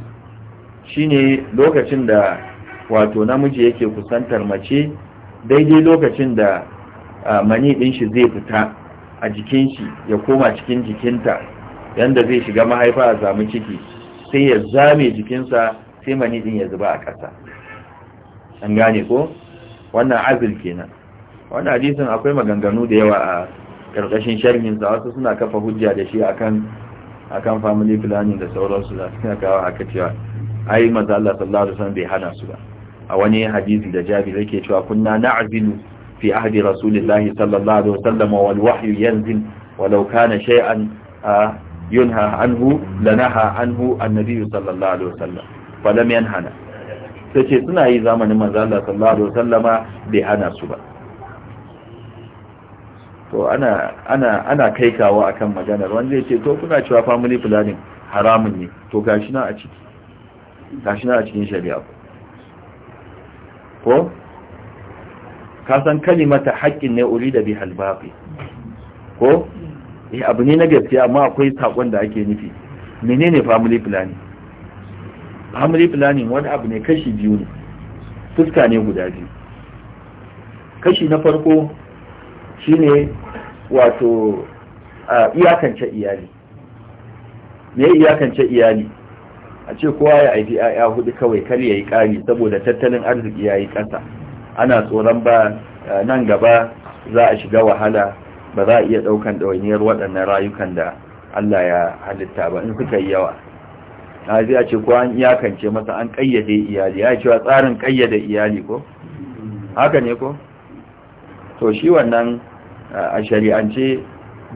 shine lokacin da wato namiji yake kusantar mace daidai lokacin da mani ɗin shi zai fita a jikin shi ya koma cikin jikinta yanda zai shiga mahaifa a sami ciki sai ya zame jikinsa sai mani ɗin ya zuba a ƙasa an gane ko wannan azil kenan wannan hadisin akwai maganganu da yawa a ƙarƙashin sharhinsa wasu suna kafa hujja da shi akan a kan family planning da sauransu da suna kawo haka cewa ai manzo Allah sallallahu alaihi wasallam bai hana su ba a wani hadisi da Jabir yake cewa kunna na'zilu fi ahdi rasulillahi sallallahu alaihi wasallam wal wahyu yanzil walau kana shay'an yunha anhu lanaha anhu annabi sallallahu alaihi wasallam falam yanhana sai ce suna yi zamanin maza Allah sallallahu alaihi wasallama bai hana su ba to ana ana ana kai kawo akan maganar wanda zai ce to kuna cewa family planning haramun ne to gashi na a ciki gashi na a cikin shari'a ko ka san kalimata haƙƙin ne da bi halbaqi ko eh abu ne na gaskiya amma akwai sakon da ake nufi menene family planning family planning wani abu ne kashi biyu ne fuska ne guda biyu kashi na farko shine wato iyakance iyali me iyakance iyali a ce kowa ya aiki ya'ya hudu kawai kar ya yi ƙari saboda tattalin arziki ya yi ƙasa ana tsoron ba nan gaba za a shiga wahala ba za a iya ɗaukan dawainiyar waɗannan rayukan da Allah ya halitta ba in suka yi yawa na zai a ce kowa an iyakance masa an ƙayyade iyali ya cewa tsarin kayyade iyali ko haka ne ko to shi wannan a shari'ance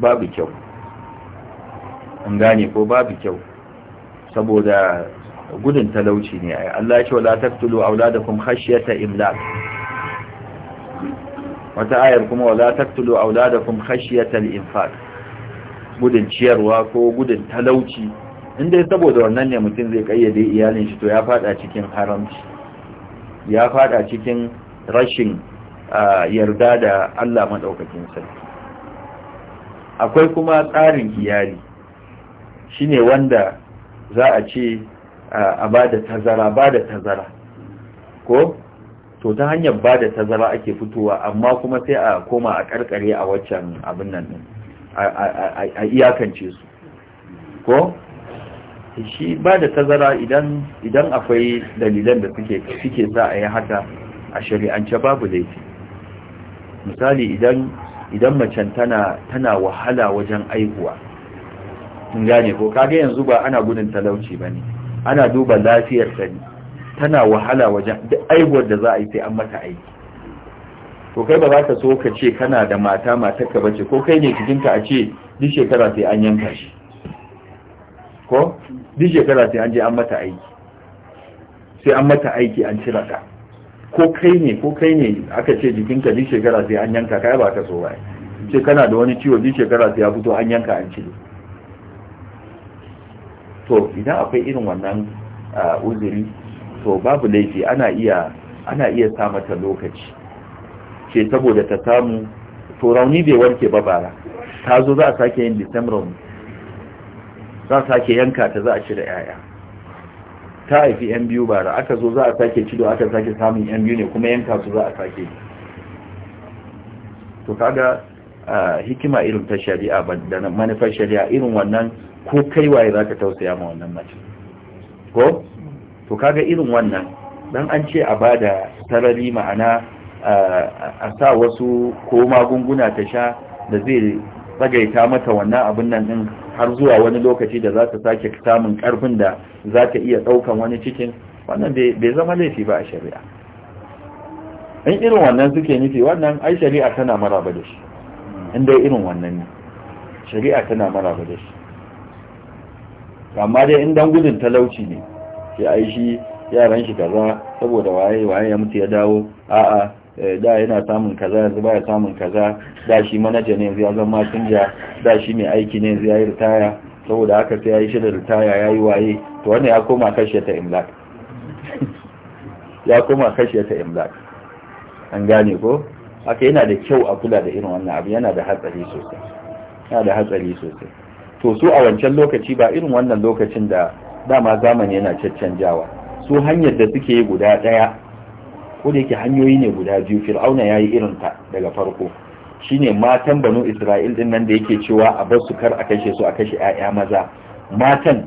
babu kyau an gane ko babu kyau saboda gudun talauci ne Allah ya ce wala taqtulu auladakum khashyata imlaq wata ayar kuma wala taqtulu auladakum khashyata al-infaq gudun ciyarwa ko gudun talauci inda saboda wannan ne mutum zai kayyade iyalin shi to ya fada cikin haramci ya fada cikin rashin yarda da Allah maɗaukakin sarki akwai kuma tsarin iyali shine wanda za a ce a ba da tazara ba da tazara ko to ta hanyar ba da tazara ake fitowa amma kuma sai a koma a karkare a waccan abin nan ɗin a iyakance su ko shi ba da tazara idan akwai dalilan da suke sa a yi haka a shari'ance babu laifi misali idan idan macen tana tana wahala wajen aihuwa Kin gane ko kage yanzu ba ana gudun talauci bane ana duba lafiyar ta ne tana wahala wajen duk aihuwar da za a yi sai an mata aiki to kai ba za ka so ka ce kana da mata ka bace ko kai ne cikinka a ce duk shekara sai an yanka shi ko duk shekara sai an je an mata aiki sai an mata aiki an cira ta ko kai ne ko kai ne aka ce jikinka duk shekara sai an yanka kai ba ka so ba ce kana da wani ciwo duk shekara sai ya fito an yanka an cire to idan akwai irin wannan uzuri to babu laifi ana iya ana iya sa mata lokaci ce saboda ta samu to rauni bai warke ba bara ta zo za a sake yin disamron za a sake yanka ta za a cire 'ya'ya ta haifi yan biyu ba ra, aka zo za a sake cido aka sake samun yan biyu ne kuma yanka su za a sake to kaga hikima irin ta shari'a da manufar shari'a irin wannan ko kaiwaye za ka tausaya ma wannan mace ko to kaga irin wannan dan an ce a da sarari ma'ana a sa wasu ko magunguna ta sha da zai tsagaita mata wannan abin nan din har zuwa wani lokaci da za ta sake samun karfin da za ta iya ɗaukan wani cikin wannan bai zama laifi ba a shari'a in irin wannan suke nufi wannan ai shari'a tana maraba da shi in dai irin wannan ne shari'a tana maraba da shi amma dai in dan gudun talauci ne sai ai shi yaran shi kaza saboda waye waye ya mutu ya dawo a'a Eh, da yana samun kaza yanzu baya samun kaza da shi manaja ne yanzu ya zama masinja da shi mai aiki ne yanzu ya yi ritaya saboda haka sai ya yi shirin ritaya ya yi waye to wannan ya koma kashe ta imlak ya koma kashe ta imlak an gane ko haka yana da kyau a kula da irin wannan abu yana da hatsari sosai yana da hatsari sosai to su a wancan lokaci ba irin wannan lokacin da dama zamani yana caccanjawa su hanyar da suke yi guda ɗaya ko da yake hanyoyi ne guda biyu fir'auna ya yi irin ta daga farko Shi ne matan banu isra'il din nan da yake cewa a bar su kar a kashe su a kashe 'ya'ya maza matan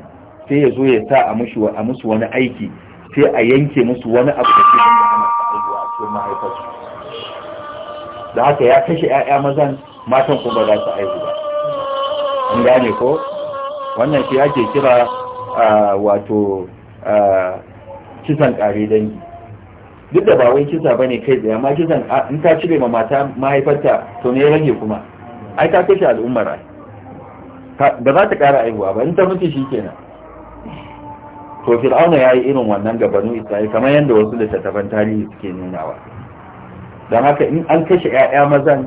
sai ya zo ya sa a musu a musu wani aiki sai a yanke musu wani abu da cikin da ana aiwa a cikin mahaifarsu da haka ya kashe 'ya'ya mazan matan kuma ba za su aiki ba an gane ko wannan shi ake kira wato kisan kare dangi duk da ba wai kisa ba ne kai tsaye amma kisan in ta cire ma mata mahaifarta to ne rage kuma ai ta kashe al'ummar ai ba za ta kara aihuwa ba in ta mutu shi kenan. to fir'auna ya yi irin wannan gabanu isra'il kamar yadda wasu littattafan tarihi suke nunawa don haka in an kashe 'ya'ya mazan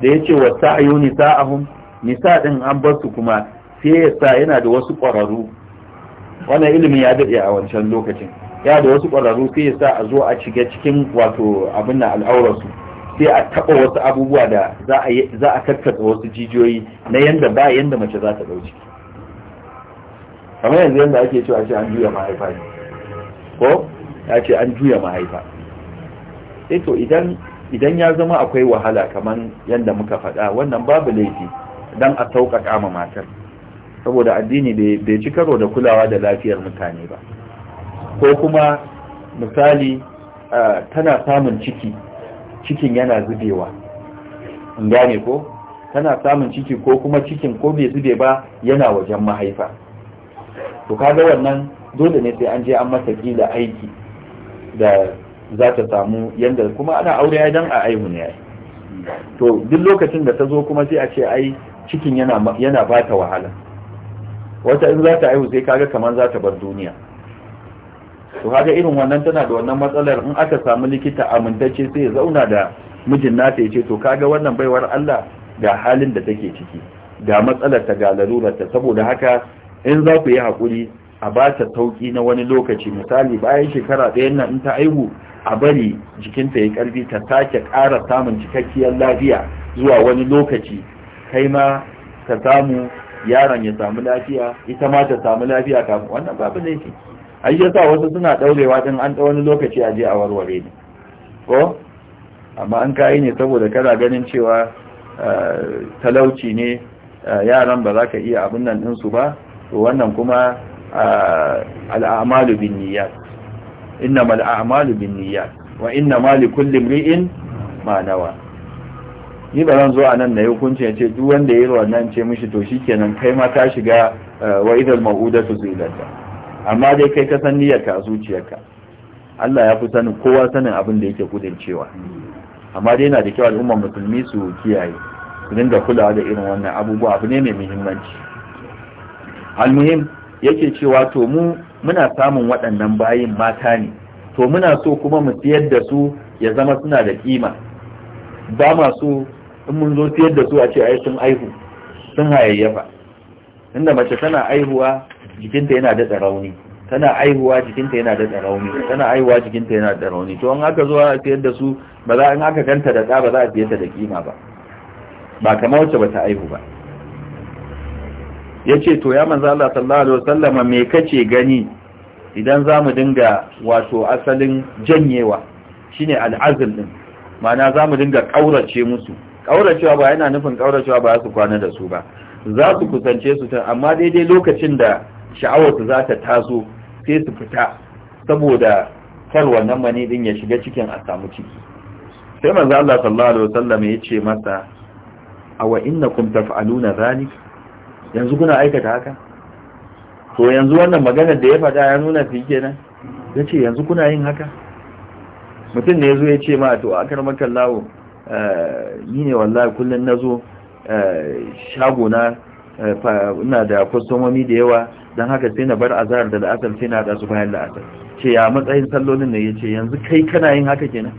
da ya ce wasu ayo nisa ahun nisa ɗin an bar su kuma sai ya yana da wasu ƙwararru wannan ilimin ya daɗe a wancan lokacin ya da wasu ƙwararru sai ya sa a zo a shiga cikin wato abin na al'aurarsu sai a taɓa wasu abubuwa da za a karkata wasu jijiyoyi na yanda ba yanda mace za ta ɗauki kamar yanzu yanda ake cewa ce an juya mahaifa ne ko ya ce an juya mahaifa sai eh to idan ya zama akwai wahala kamar yanda muka faɗa wannan babu laifi don a sauƙaƙa ma matar saboda addini bai ci karo da kulawa da lafiyar mutane ba ko kuma misali tana samun ciki cikin yana zubewa in gane ko tana samun ciki ko kuma cikin ko bai zube ba yana wajen mahaifa to kaga wannan dole ne sai an je an masa kila aiki da za ta samu yadda, kuma ana aure ya don a aihu ne ai to duk lokacin da ta zo kuma sai a ce ai cikin yana ba ta wahala wata in za ta aihu sai kaga kamar za ta bar duniya to haka irin wannan tana da wannan matsalar in aka samu likita amintacce sai ya zauna da mijin nata ya ce to kaga wannan baiwar Allah ga halin da take ciki ga matsalar ta ga lalurar ta saboda haka in za ku yi hakuri a ba ta sauki na wani lokaci misali bayan shekara ɗaya nan in ta aihu a bari jikinta ya karfi ta sake ƙara samun cikakkiyar lafiya zuwa wani lokaci kai ma ka samu yaron ya samu lafiya ita ma ta samu lafiya kafin wannan babu laifi ai yasa wasu suna daurewa din an da wani lokaci a je a warware ne ko amma an kai ne saboda kada ganin cewa eh, talauci ne eh, yaran ba za ka iya abin nan ɗinsu ba to wannan kuma eh, al'amalu bin niyyat mal a'malu bin niyyat wa mali kulli imri'in ma nawa ni ba zan zo a nan na hukunci ya ce duk wanda ya yi wannan ce mishi to shikenan kai ma ta shiga wa idal su zilata amma dai kai ka san niyyarka a zuciyarka Allah ya fi sanin kowa sanin abin da yake kudircewa amma dai yana da kyau al'ummar musulmi su kiyaye su dinga kulawa da irin wannan abubuwa abu ne mai muhimmanci almuhim yake cewa to mu muna samun waɗannan bayin mata ne to muna so kuma mu siyar da su ya zama suna da kima ba ma so in mun zo siyar da su a ce ai sun aihu sun hayayyafa inda mace tana aihuwa jikinta yana da rauni tana aihuwa jikinta yana da rauni tana aihuwa jikinta yana da rauni to an aka zo a fiyar da su ba za a aka ganta da ɗa ba za a ta da kima ba ba kamar wacce ba ta aihu ba ya ce to ya manzo Allah sallallahu alaihi wasallama me kace gani idan za mu dinga wato asalin janyewa shine al'azl din ma'ana za mu dinga kaurace musu kauracewa ba yana nufin kauracewa ba su kwana da su ba za su kusance su ta amma daidai lokacin da sha'awarsu za ta taso sai su fita saboda kar wannan mani din ya shiga cikin a samu ciki sai manzo Allah sallallahu alaihi wasallam ya ce masa awa innakum taf'aluna zalik yanzu kuna aikata haka to yanzu wannan maganar da ya faɗa ya nuna fi kenan yace yanzu kuna yin haka mutum ne yazo ya ce ma to akar eh ni ne wallahi kullun nazo eh, shago na Eh, ina da kwastomomi da yawa don haka sai na bar azahar da la'asar sai na da su bayan la'asar ce ya matsayin sallolin ne ya ce yanzu kai kana yin haka kenan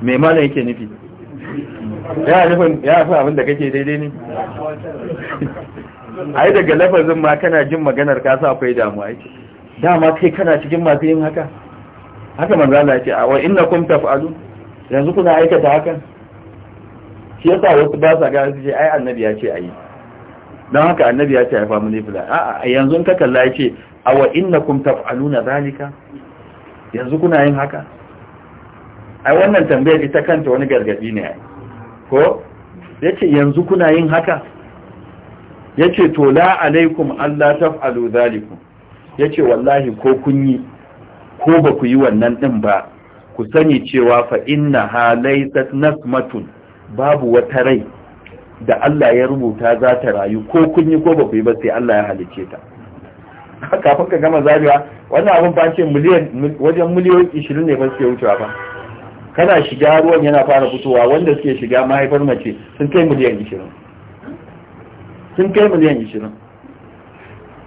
mai malam yake nufi ya nufin ya fi abin da kake daidai ne A yi daga lafazin ma kana jin maganar kasa akwai damuwa ce dama kai kana cikin masu yin haka haka man zala ce ce wa innakum taf'alu yanzu kuna aikata hakan shi yasa wasu ba sa ga su ce ai annabi ya ce ayi don haka annabi ya ce ya famu nifila a yanzu ka kalla ya ce awa innakum taf'aluna zalika yanzu kuna yin haka ai wannan tambayar ita kanta wani gargadi ne ai ko yace yanzu kuna yin haka yace to la alaikum Allah taf'alu zalikum yace wallahi ko kun yi ko ba ku yi wannan din ba ku sani cewa fa inna ha laysat nasmatun babu wata rai da Allah ya rubuta za ta rayu ko kun yi ko ba ku yi ba sai Allah ya halice ta kafin ka gama zabewa wannan abin ba ce miliyan wajen miliyoyin ishirin ne ba suke wucewa ba kana shiga ruwan yana fara fitowa wanda suke shiga mahaifar mace sun kai miliyan ishirin. sun kai miliyan ishirin.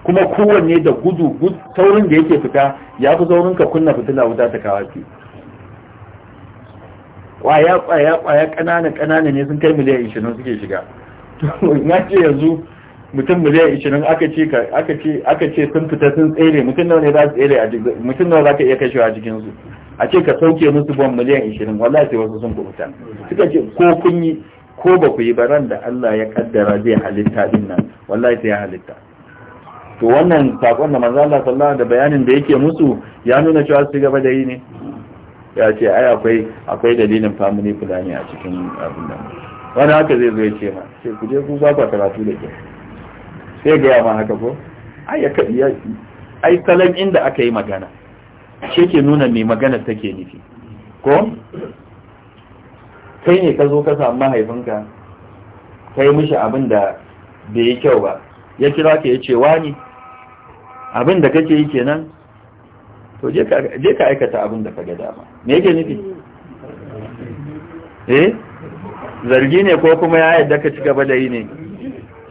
kuma kowanne da gudu taurin da yake fita ya fi zaurinka ka kunna fitila wuta ta kawace. ya kwaya kwaya kanana kanana ne sun kai miliyan 20 suke shiga na ce yanzu mutum miliyan 20 aka ce aka ce aka ce sun fita sun tsere mutum nawa ne za su tsere a jikin mutum nawa za ka iya kashewa a jikin su a ce ka sauke musu bom miliyan 20 wallahi sai wasu sun kubuta suka ce ko kun yi ko ba ku yi ba ran da Allah ya kaddara zai halitta din nan wallahi sai ya halitta to wannan sakon da manzo Allah sallallahu alaihi da bayanin da yake musu ya nuna cewa su gaba da yi ne ya ce ai akwai akwai dalilin family planning a cikin abin nan wani haka zai zo ya ce ma sai ku je ku ba ku karatu da kyau sai ga ya ma haka ko ai ya kadi ai salon inda aka yi magana shi ke nuna mai magana take nufi ko kai ne ka zo ka samu mahaifinka kai mishi abin da bai yi kyau ba ya kira ka ya ce wani abin da kake yi kenan to je ka aikata abin da ka ga dama me yake nufi eh zargi ne ko kuma ya yadda ka ci gaba da yi ne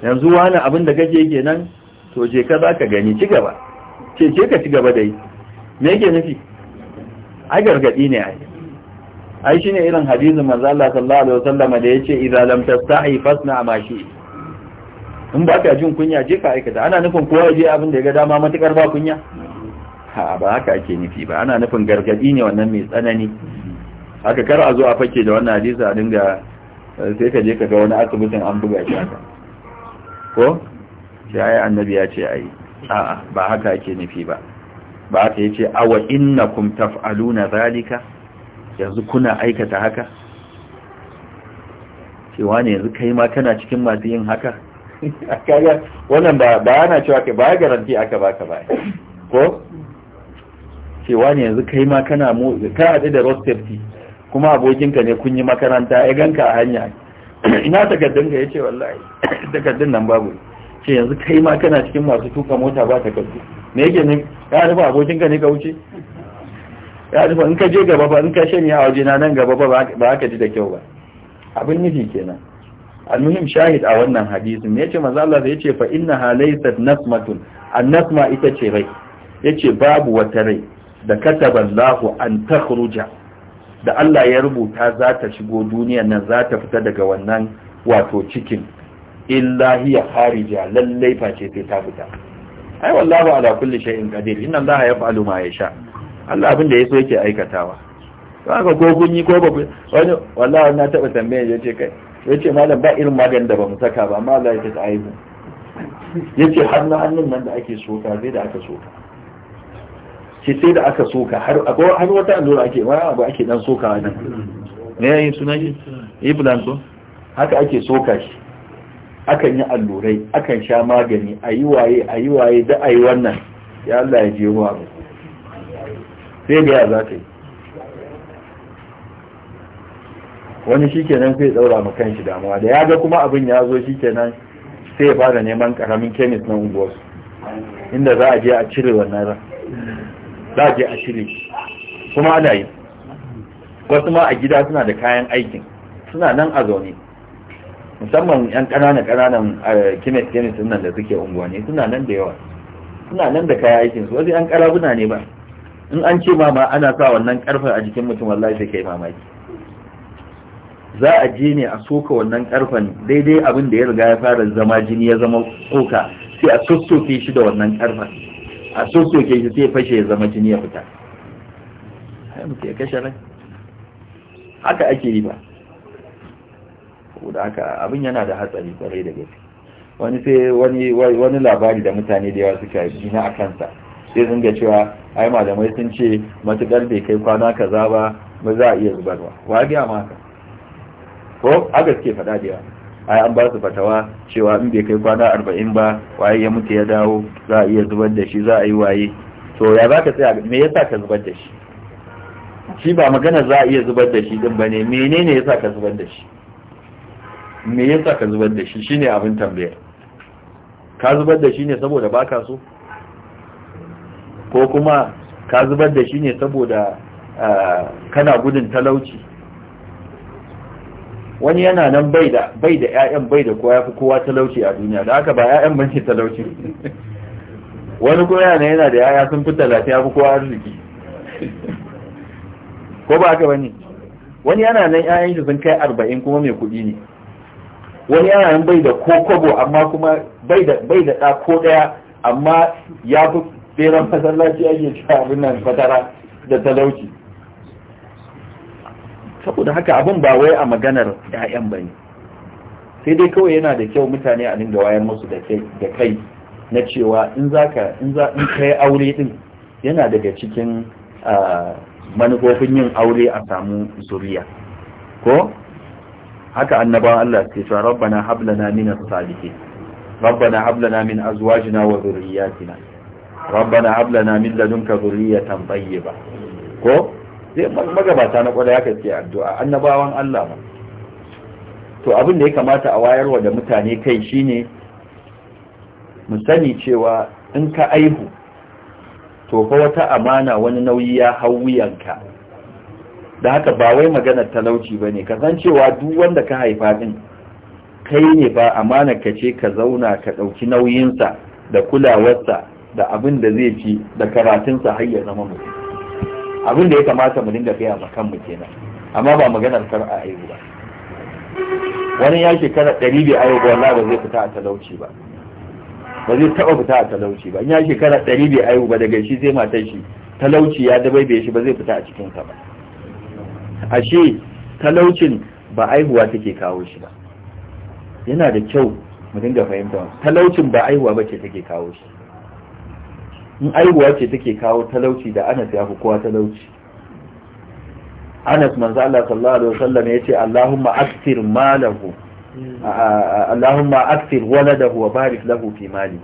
yanzu wani abin da kake kenan to je ka za ka gani ci gaba ce ce ka ci gaba da yi me yake nufi ai gargadi ne ai ai shine irin hadisin manzo Allah sallallahu alaihi wasallam da yace idza lam tastahi fasna ma shi in ba ka jin kunya je ka aikata ana nufin kowa je abin da ya ga dama matukar ba kunya a ba haka ake nufi ba ana nufin gargadi ne wannan mai tsanani haka kar a zo a fake da wannan hadisi a dinga eh, sai ka je ka ga wani asibitin an buga shi haka ko sai ayi annabi ya ce ayi a'a ba haka ake nufi ba ba haka yace awa innakum taf'aluna zalika yanzu kuna aikata haka cewa ne yanzu kai ma kana cikin masu yin haka kaga wannan ba ba ana cewa ke ba garanti aka baka ba ko cewa ne yanzu kai ma kana mu ka hade da road safety kuma abokinka ne kun yi makaranta ya ganka a hanya ina takardun ka yace wallahi takardun nan babu ce yanzu kai ma kana cikin masu tuka mota ba takardu me yake ne Ya rufe abokinka ne ka wuce ya rufe in ka je gaba ba in ka shanye a waje na nan gaba ba ba ka ji da kyau ba abin nufi kenan almuhim shahid a wannan hadisin ne yace manzo Allah yace fa inna halaysat nasmatun annasma nasma ita ce rai yace babu wata rai da kataba Allahu an takhruja da Allah ya rubuta za ta shigo duniya nan za ta fita daga wannan wato cikin illa harija lallai face sai ta fita ai wallahu ala kulli shay'in qadir inna Allah yaf'alu ma yasha Allah abin da yaso yake aikatawa to haka ko kun yi ko ba wani wallahi na taba tambaye yace kai yace malam ba irin maganin da ba mu saka ba amma Allah ya ta aihu yace har na hannun nan da ake soka sai da aka soka ce sai da aka soka har wata allura ake wani abu ake dan soka nan ne yayin suna yi iblan ko haka ake soka shi akan yi allurai akan sha magani a yi waye a yi waye da a yi wannan ya Allah ya je ba. sai biya za ka yi wani shikenan sai daura ma kanshi damuwa da ya ga kuma abin ya zo shikenan sai ya fara neman karamin kemis na unguwarsu inda za a je a cire wannan ran za a je a shirye kuma ana yi wasu ma a gida suna da kayan aikin suna nan a zaune musamman yan ƙananan ƙananan eh, kinet kinet nan da suke unguwanni suna nan da yawa suna nan da kayan aikin su wasu yan karaguna ne ba in an ce ma ana sa wannan ƙarfin a jikin mutum wallahi sai kai mamaki za a je ne a soka wannan karfan daidai abin da ya riga ya fara zama jini ya zama koka sai a sossofe shi da wannan karfan a soke shi sai fashe ya zama jini ya fita mutu ke kashe rai haka ake yi ba da haka abin yana da hatsari kwarai da gaske wani sai wani wani labari da mutane da yawa suka yi na kansa sai sun ga cewa ai malamai sun ce matukar bai kai kwana kaza ba ba za a iya zubarwa wa ga ma ka ko a gaske faɗa da yawa ai an ba su fatawa cewa in bai kai kwana arba'in ba waye ya mutu ya dawo za a iya zubar da shi za a yi waye to ya za ka tsaya me yasa ka zubar da shi shi ba magana za a iya zubar da shi din ba ne menene yasa ka zubar da shi me yasa ka zubar da shi shine abin tambayar ka zubar da shi ne saboda baka so ko kuma ka zubar da shi ne saboda ah, kana gudun talauci wani yana nan bai da bai da ƴaƴan bai da kowa yafi kowa talauci a duniya da haka ba ƴaƴan bane talauci wani ko yana yana da ƴaƴa sun fi talatin yafi kowa arziki ko ba haka bane wani yana nan ƴaƴan shi sun kai arba'in kuma mai kuɗi ne wani yana nan bai da ko kobo amma kuma bai da bai da ɗa ko ɗaya amma ya fi tseren masallaci ake cewa abin nan fatara da talauci saboda haka abin ba wai a maganar 'ya'yan ba ne sai dai kawai yana da kyau mutane a dinga wayan masu da kai na cewa in za ka in kai aure din yana daga cikin manufofin yin aure a samu zuriya ko haka annabawan Allah ke cewa rabbana hablana min as-salihin rabbana hablana min azwajina wa dhurriyyatina rabbana hablana min ladunka dhurriyyatan tayyiba ko sai magabata na kwada ya ke addu'a annabawan Allah ma to abin da ya kamata a wayarwa da mutane kai shine mu sani cewa in ka aihu to fa wata amana wani nauyi ya hau wuyanka da haka ba wai maganar talauci ba ne Ka cewa duk wanda ka haifa din kai ne ba amanar ka ce ka zauna ka ɗauki nauyinsa da kulawarsa da abin da zai ci da karatunsa har ya zama mutum abin da ya kamata mu dinga gaya ma kanmu kenan amma ba maganar kar a aihu ba wani ya shekara ɗari bai aihu ba wallahi ba zai fita a talauci ba ba zai taɓa fita a talauci ba in ya shekara ɗari bai aihu ba daga shi sai matar shi talauci ya bai shi ba zai fita a cikin ka ba ashe talaucin ba aihuwa take kawo shi ba yana da kyau mu dinga fahimta talaucin ba aihuwa ba ce take kawo shi in aibuwa ce take kawo talauci da anas ya fi kowa talauci anas manzo Allah sallallahu alaihi wasallam yace Allahumma aktir malahu Allahumma aktir waladahu wa barik lahu fi malihi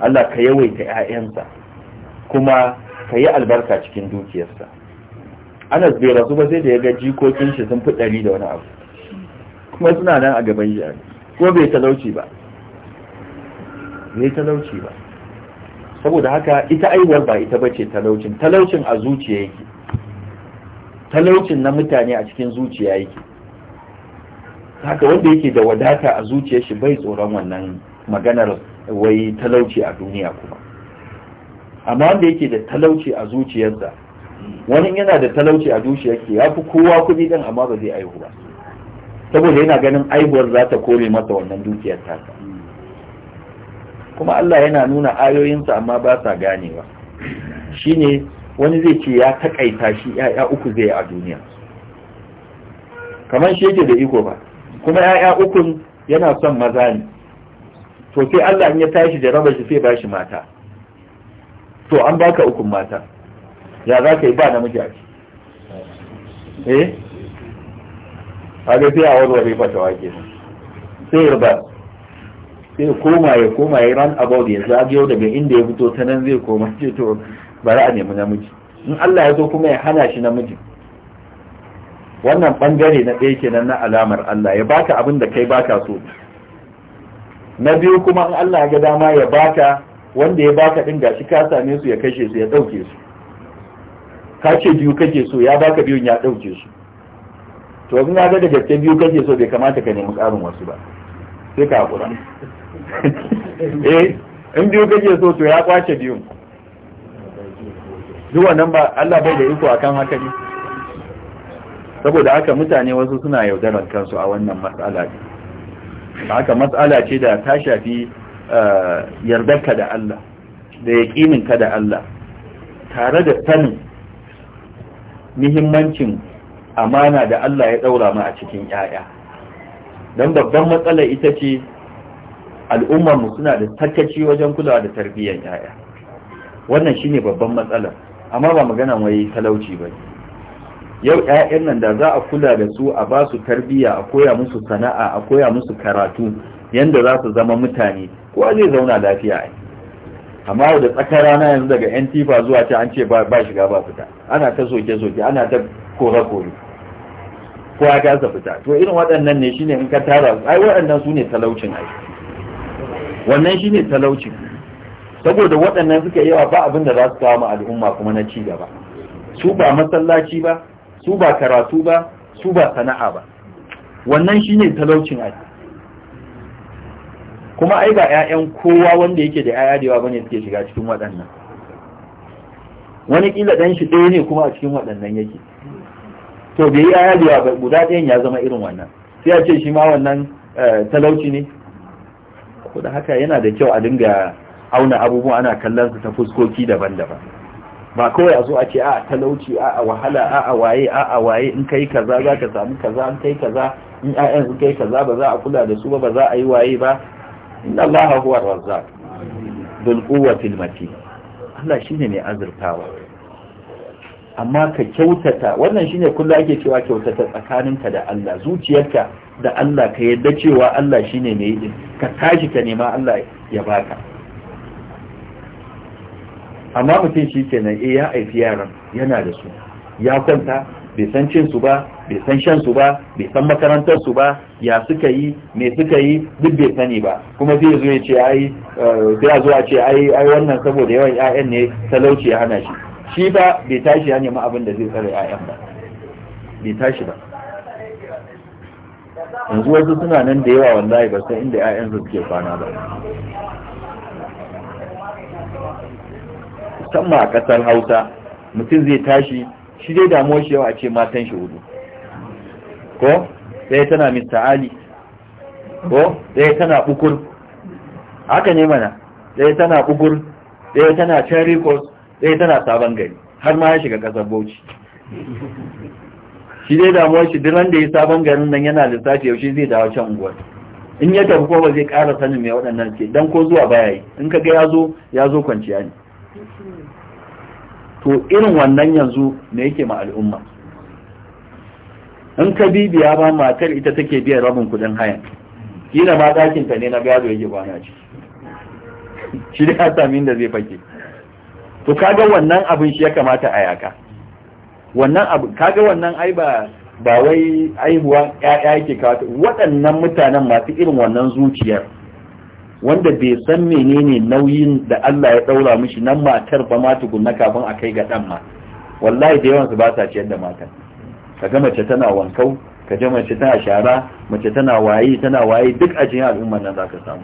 Allah ka yawaita ƴaƴansa kuma ka yi albarka cikin dukiyarsa Anas bai rasu ba sai da yaga jikokin shi sun fi ɗari da wani abu kuma suna nan a gaban shi ko bai talauci ba bai talauci ba saboda haka ita aiwar ba ita bace talaucin talaucin a zuciya yake talaucin na mutane a cikin zuciya yake haka wanda yake da wadata a zuciyar shi bai tsoron wannan maganar wai talauci a duniya kuma amma wanda yake da talauci a zuciyarsa wani yana da talauci a zuciyarsa ya fi kowa kuɗi ɗin amma ba zai aihu ba saboda yana ganin aihuwar za ta kore masa wannan dukiyar tasa kuma Allah yana nuna ayoyinsa amma ba sa ganewa ne wani zai ce ya takaita shi ya'ya uku zai a duniya kamar shi yake da iko ba kuma ya'ya uku yana son maza ne to sai Allah ya tashi da raba shi sai ba shi mata to an baka ukun mata ya za ka yi ba namiji a shi? eh a ga sai a wani fata wake. sai rubar sai koma ya koma ya ran about ya yau daga inda ya fito ta nan zai koma ce to bari a nemi namiji in Allah ya so kuma ya hana shi namiji wannan bangare na ɗaya kenan na alamar Allah ya baka abin da kai baka so na biyu kuma in Allah ya ga dama ya baka wanda ya baka din gashi ka same su ya kashe su ya dauke su ka ce biyu kake so ya baka biyun ya dauke su to in ga da gaske biyu kake so bai kamata ka nemi karin wasu ba sai ka hakura eh in biyu kake so to ya kwace biyun duk wannan ba Allah bai da iko akan haka ne saboda haka mutane wasu suna yaudarar kansu a wannan matsala ne haka matsala ce da ta shafi eh, ka da Allah da ka da Allah tare da sanin muhimmancin amana da Allah ya ɗaura mu a cikin 'ya'ya Dan babban matsala ita ce al'ummar mu suna da takaci wajen kulawa da tarbiyyar yaya wannan shine babban matsala amma ba magana wai talauci ba yau 'ya'yan nan da za a kula da su a ba su tarbiyya a koya musu sana'a a koya musu karatu yanda za su zama mutane kowa zai zauna lafiya ai amma da tsakar rana yanzu daga yan tifa zuwa ta an ce ba shiga ba fita ana ta soke-soke ana ta kore-kore kowa gasa fita to irin waɗannan ne shine in ka tara ai waɗannan su ne talaucin ai wannan shine talauci saboda waɗannan suka yawa ba abin da za su kawo al'umma kuma na ci gaba su ba masallaci ba su ba karatu ba su ba sana'a ba wannan shine talaucin a kuma ai ba 'ya'yan kowa wanda yake da 'ya'ya da yawa bane suke shiga cikin waɗannan wani kila dan shi ɗaya ne kuma a cikin waɗannan yake to bai yi 'ya'ya da yawa guda ɗayan ya zama irin wannan sai a ce shi ma wannan eh, talauci ne da haka yana da kyau a dinga auna abubuwa ana kallon su ta fuskoki daban-daban ba kawai a zo a ce a talauci a wahala a waye a waye in kai kaza za ka samu kaza in kai kaza in ƴaƴan in kai kaza ba za a kula da su ba ba za a yi waye ba inna Allah huwa razzaq quwwati al matin Allah shine mai azurtawa amma ka kyautata wannan shine kullu ake cewa kyautata tsakaninka da Allah zuciyarka da Allah ka yadda cewa Allah shine mai yi ka tashi ka nema Allah ya baka amma mutum shi kenan nan eh, ya haifi yaran yana da su ya kwanta bai san cin su ba bai san shan su ba bai san makarantar su ba ya suka yi me suka yi duk bai sani ba kuma zai zo ya ce ai sai eh, a zo a ce ai ai wannan saboda yawan ƴaƴan ne talauci ya hana shi shi ba bai tashi ya nemi abin da zai tsare ƴaƴan ba bai tashi ba yanzu wasu suna nan da yawa wallahi ba san inda su suke kwana ba musamman a ƙasar hausa mutum zai tashi shi dai damuwa shi yawa a ce matan shi hudu ko ɗaya tana mista ali ko ɗaya tana bukur haka ne mana ɗaya tana bukur ɗaya tana cherry coast ɗaya tana sabon gari har ma ya shiga ƙasar bauchi shi dai damuwar shi duk da ya sabon garin nan yana lissafi yaushe zai dawo can unguwar in ya tafi ko ba zai ƙara sanin mai waɗannan ce dan ko zuwa baya yi in kaga ya zo ya zo kwanciya ne to irin wannan yanzu me yake ma al'umma in ka bibiya ba matar ita take biyan rabin kudin hayan kila ma ɗakin ta ne na gado yake kwana ci shi dai ya sami inda zai fake to kaga wannan abin shi ya kamata a yaka wannan abu kaga wannan ai ba ba wai aihuwa ƴaƴa yake kawo waɗannan mutanen masu irin wannan zuciyar wanda bai san menene nauyin da Allah ya daura mishi nan matar ba ma tukunna kafin a kai ga dan ma wallahi da yawan su ba sa ciyar da matan ga mace tana wankau ka ga mace tana shara mace tana waye tana waye duk a cikin al'ummar nan zaka samu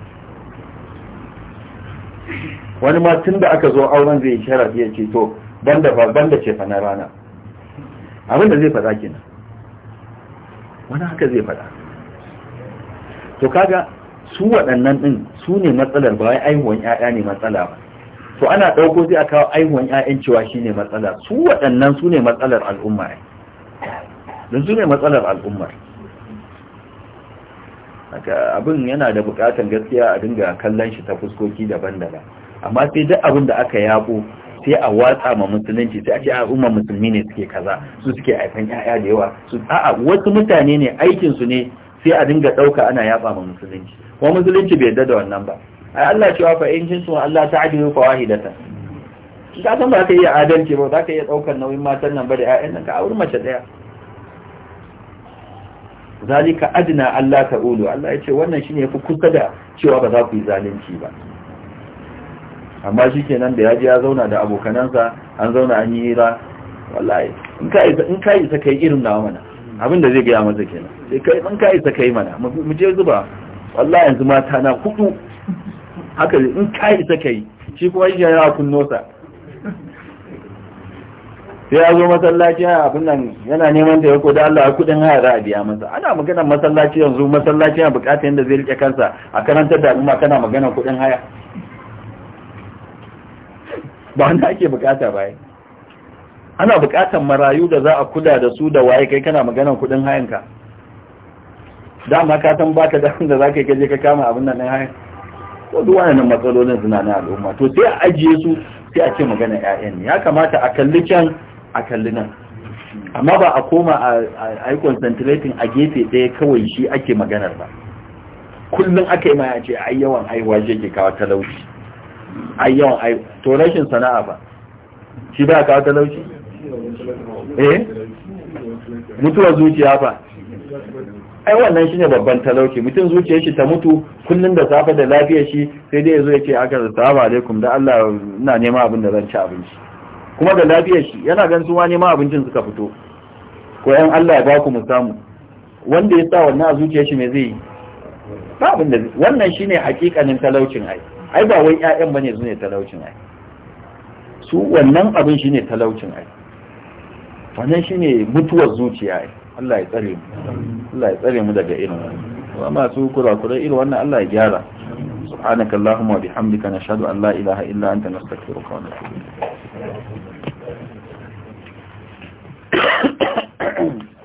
wani ma tun da aka zo auren zai sharafi ya ce to banda banda ce fa na rana abinda zai faɗa kenan wani haka zai faɗa to kaga su waɗannan ɗin su ne matsalar ba wai aihuwan 'ya'ya ne matsala ba to ana ɗauko zai a kawo aihuwan 'ya'yan cewa shi ne matsala su waɗannan su ne matsalar al'umma don su ne matsalar al'ummar haka abin yana da buƙatar gaskiya a dinga kallon shi ta fuskoki daban-daban amma sai duk abin da aka yabo sai a watsa ma musulunci sai a ce umar musulmi ne suke kaza su suke haifan ƴaƴa da yawa su a'a wasu mutane ne aikin su ne sai a dinga ɗauka ana yaba ma musulunci kuma musulunci bai yarda da wannan ba ai Allah cewa fa in jinsu Allah ta'dilu fa wahidatan ka san ba kai iya adalci ba za ka iya ɗaukar nauyin matan nan ba da ƴaƴan nan ka auri mace ɗaya zalika adna Allah ta'ulu Allah ya ce wannan shine yafi kusa da cewa ba za ku yi zalunci ba amma shi kenan da ya ji ya zauna da abokanansa an zauna an yi hira wallahi in ka isa kai irin na mana abin da zai gaya masa kenan sai kai in ka isa kai mana mu je zuba wallahi yanzu mata na hudu haka in ka isa kai shi kuma shi yana kunnosa. sai ya zo masallaci yana abin nan yana neman da ya koda Allah ya kudin haya za a biya masa ana maganar masallaci yanzu masallaci yana bukatar yadda zai rike kansa a karantar da al'umma kana maganar kudin haya ba wanda ake bukata ba ana bukatan marayu da za a kula da su da waye kai kana maganan kudin hayanka dama ka san baka da da zaka kaje ka kama abin nan hayan ko duk wani matsalolin suna na al'umma to sai a ajiye su sai a ce magana ƴaƴan ya kamata a kalli can a kalli nan amma ba a koma a yi concentrating a gefe ɗaya kawai shi ake maganar ba kullum aka yi ma ya ce ai yawan haihuwa shi ke kawo talauci ayyawan yawan to rashin sana'a ba shi ba kawo talauci eh mutuwar zuciya fa ai wannan shine babban talauci mutum zuciyar shi ta mutu kullun da safe da lafiyar shi sai dai yazo yace aka assalamu alaikum da Allah ina nema abin da zan ci abinci kuma da lafiyar shi yana gan su ma nema abincin suka fito ko yan Allah ya baku mu samu wanda ya sa wannan a zuciyar shi me zai yi ba abin da wannan shine hakikanin talaucin ai ai ba wai ƴaƴan bane su ne talaucin ai su wannan abin shi ne talaucin ai wannan shi ne mutuwar zuciya ai Allah ya tsare mu Allah ya tsare mu daga irin wannan amma su kura irin wannan Allah ya gyara wa bihamdika nashhadu an la ilaha illa anta nastaghfiruka wa natubu إليك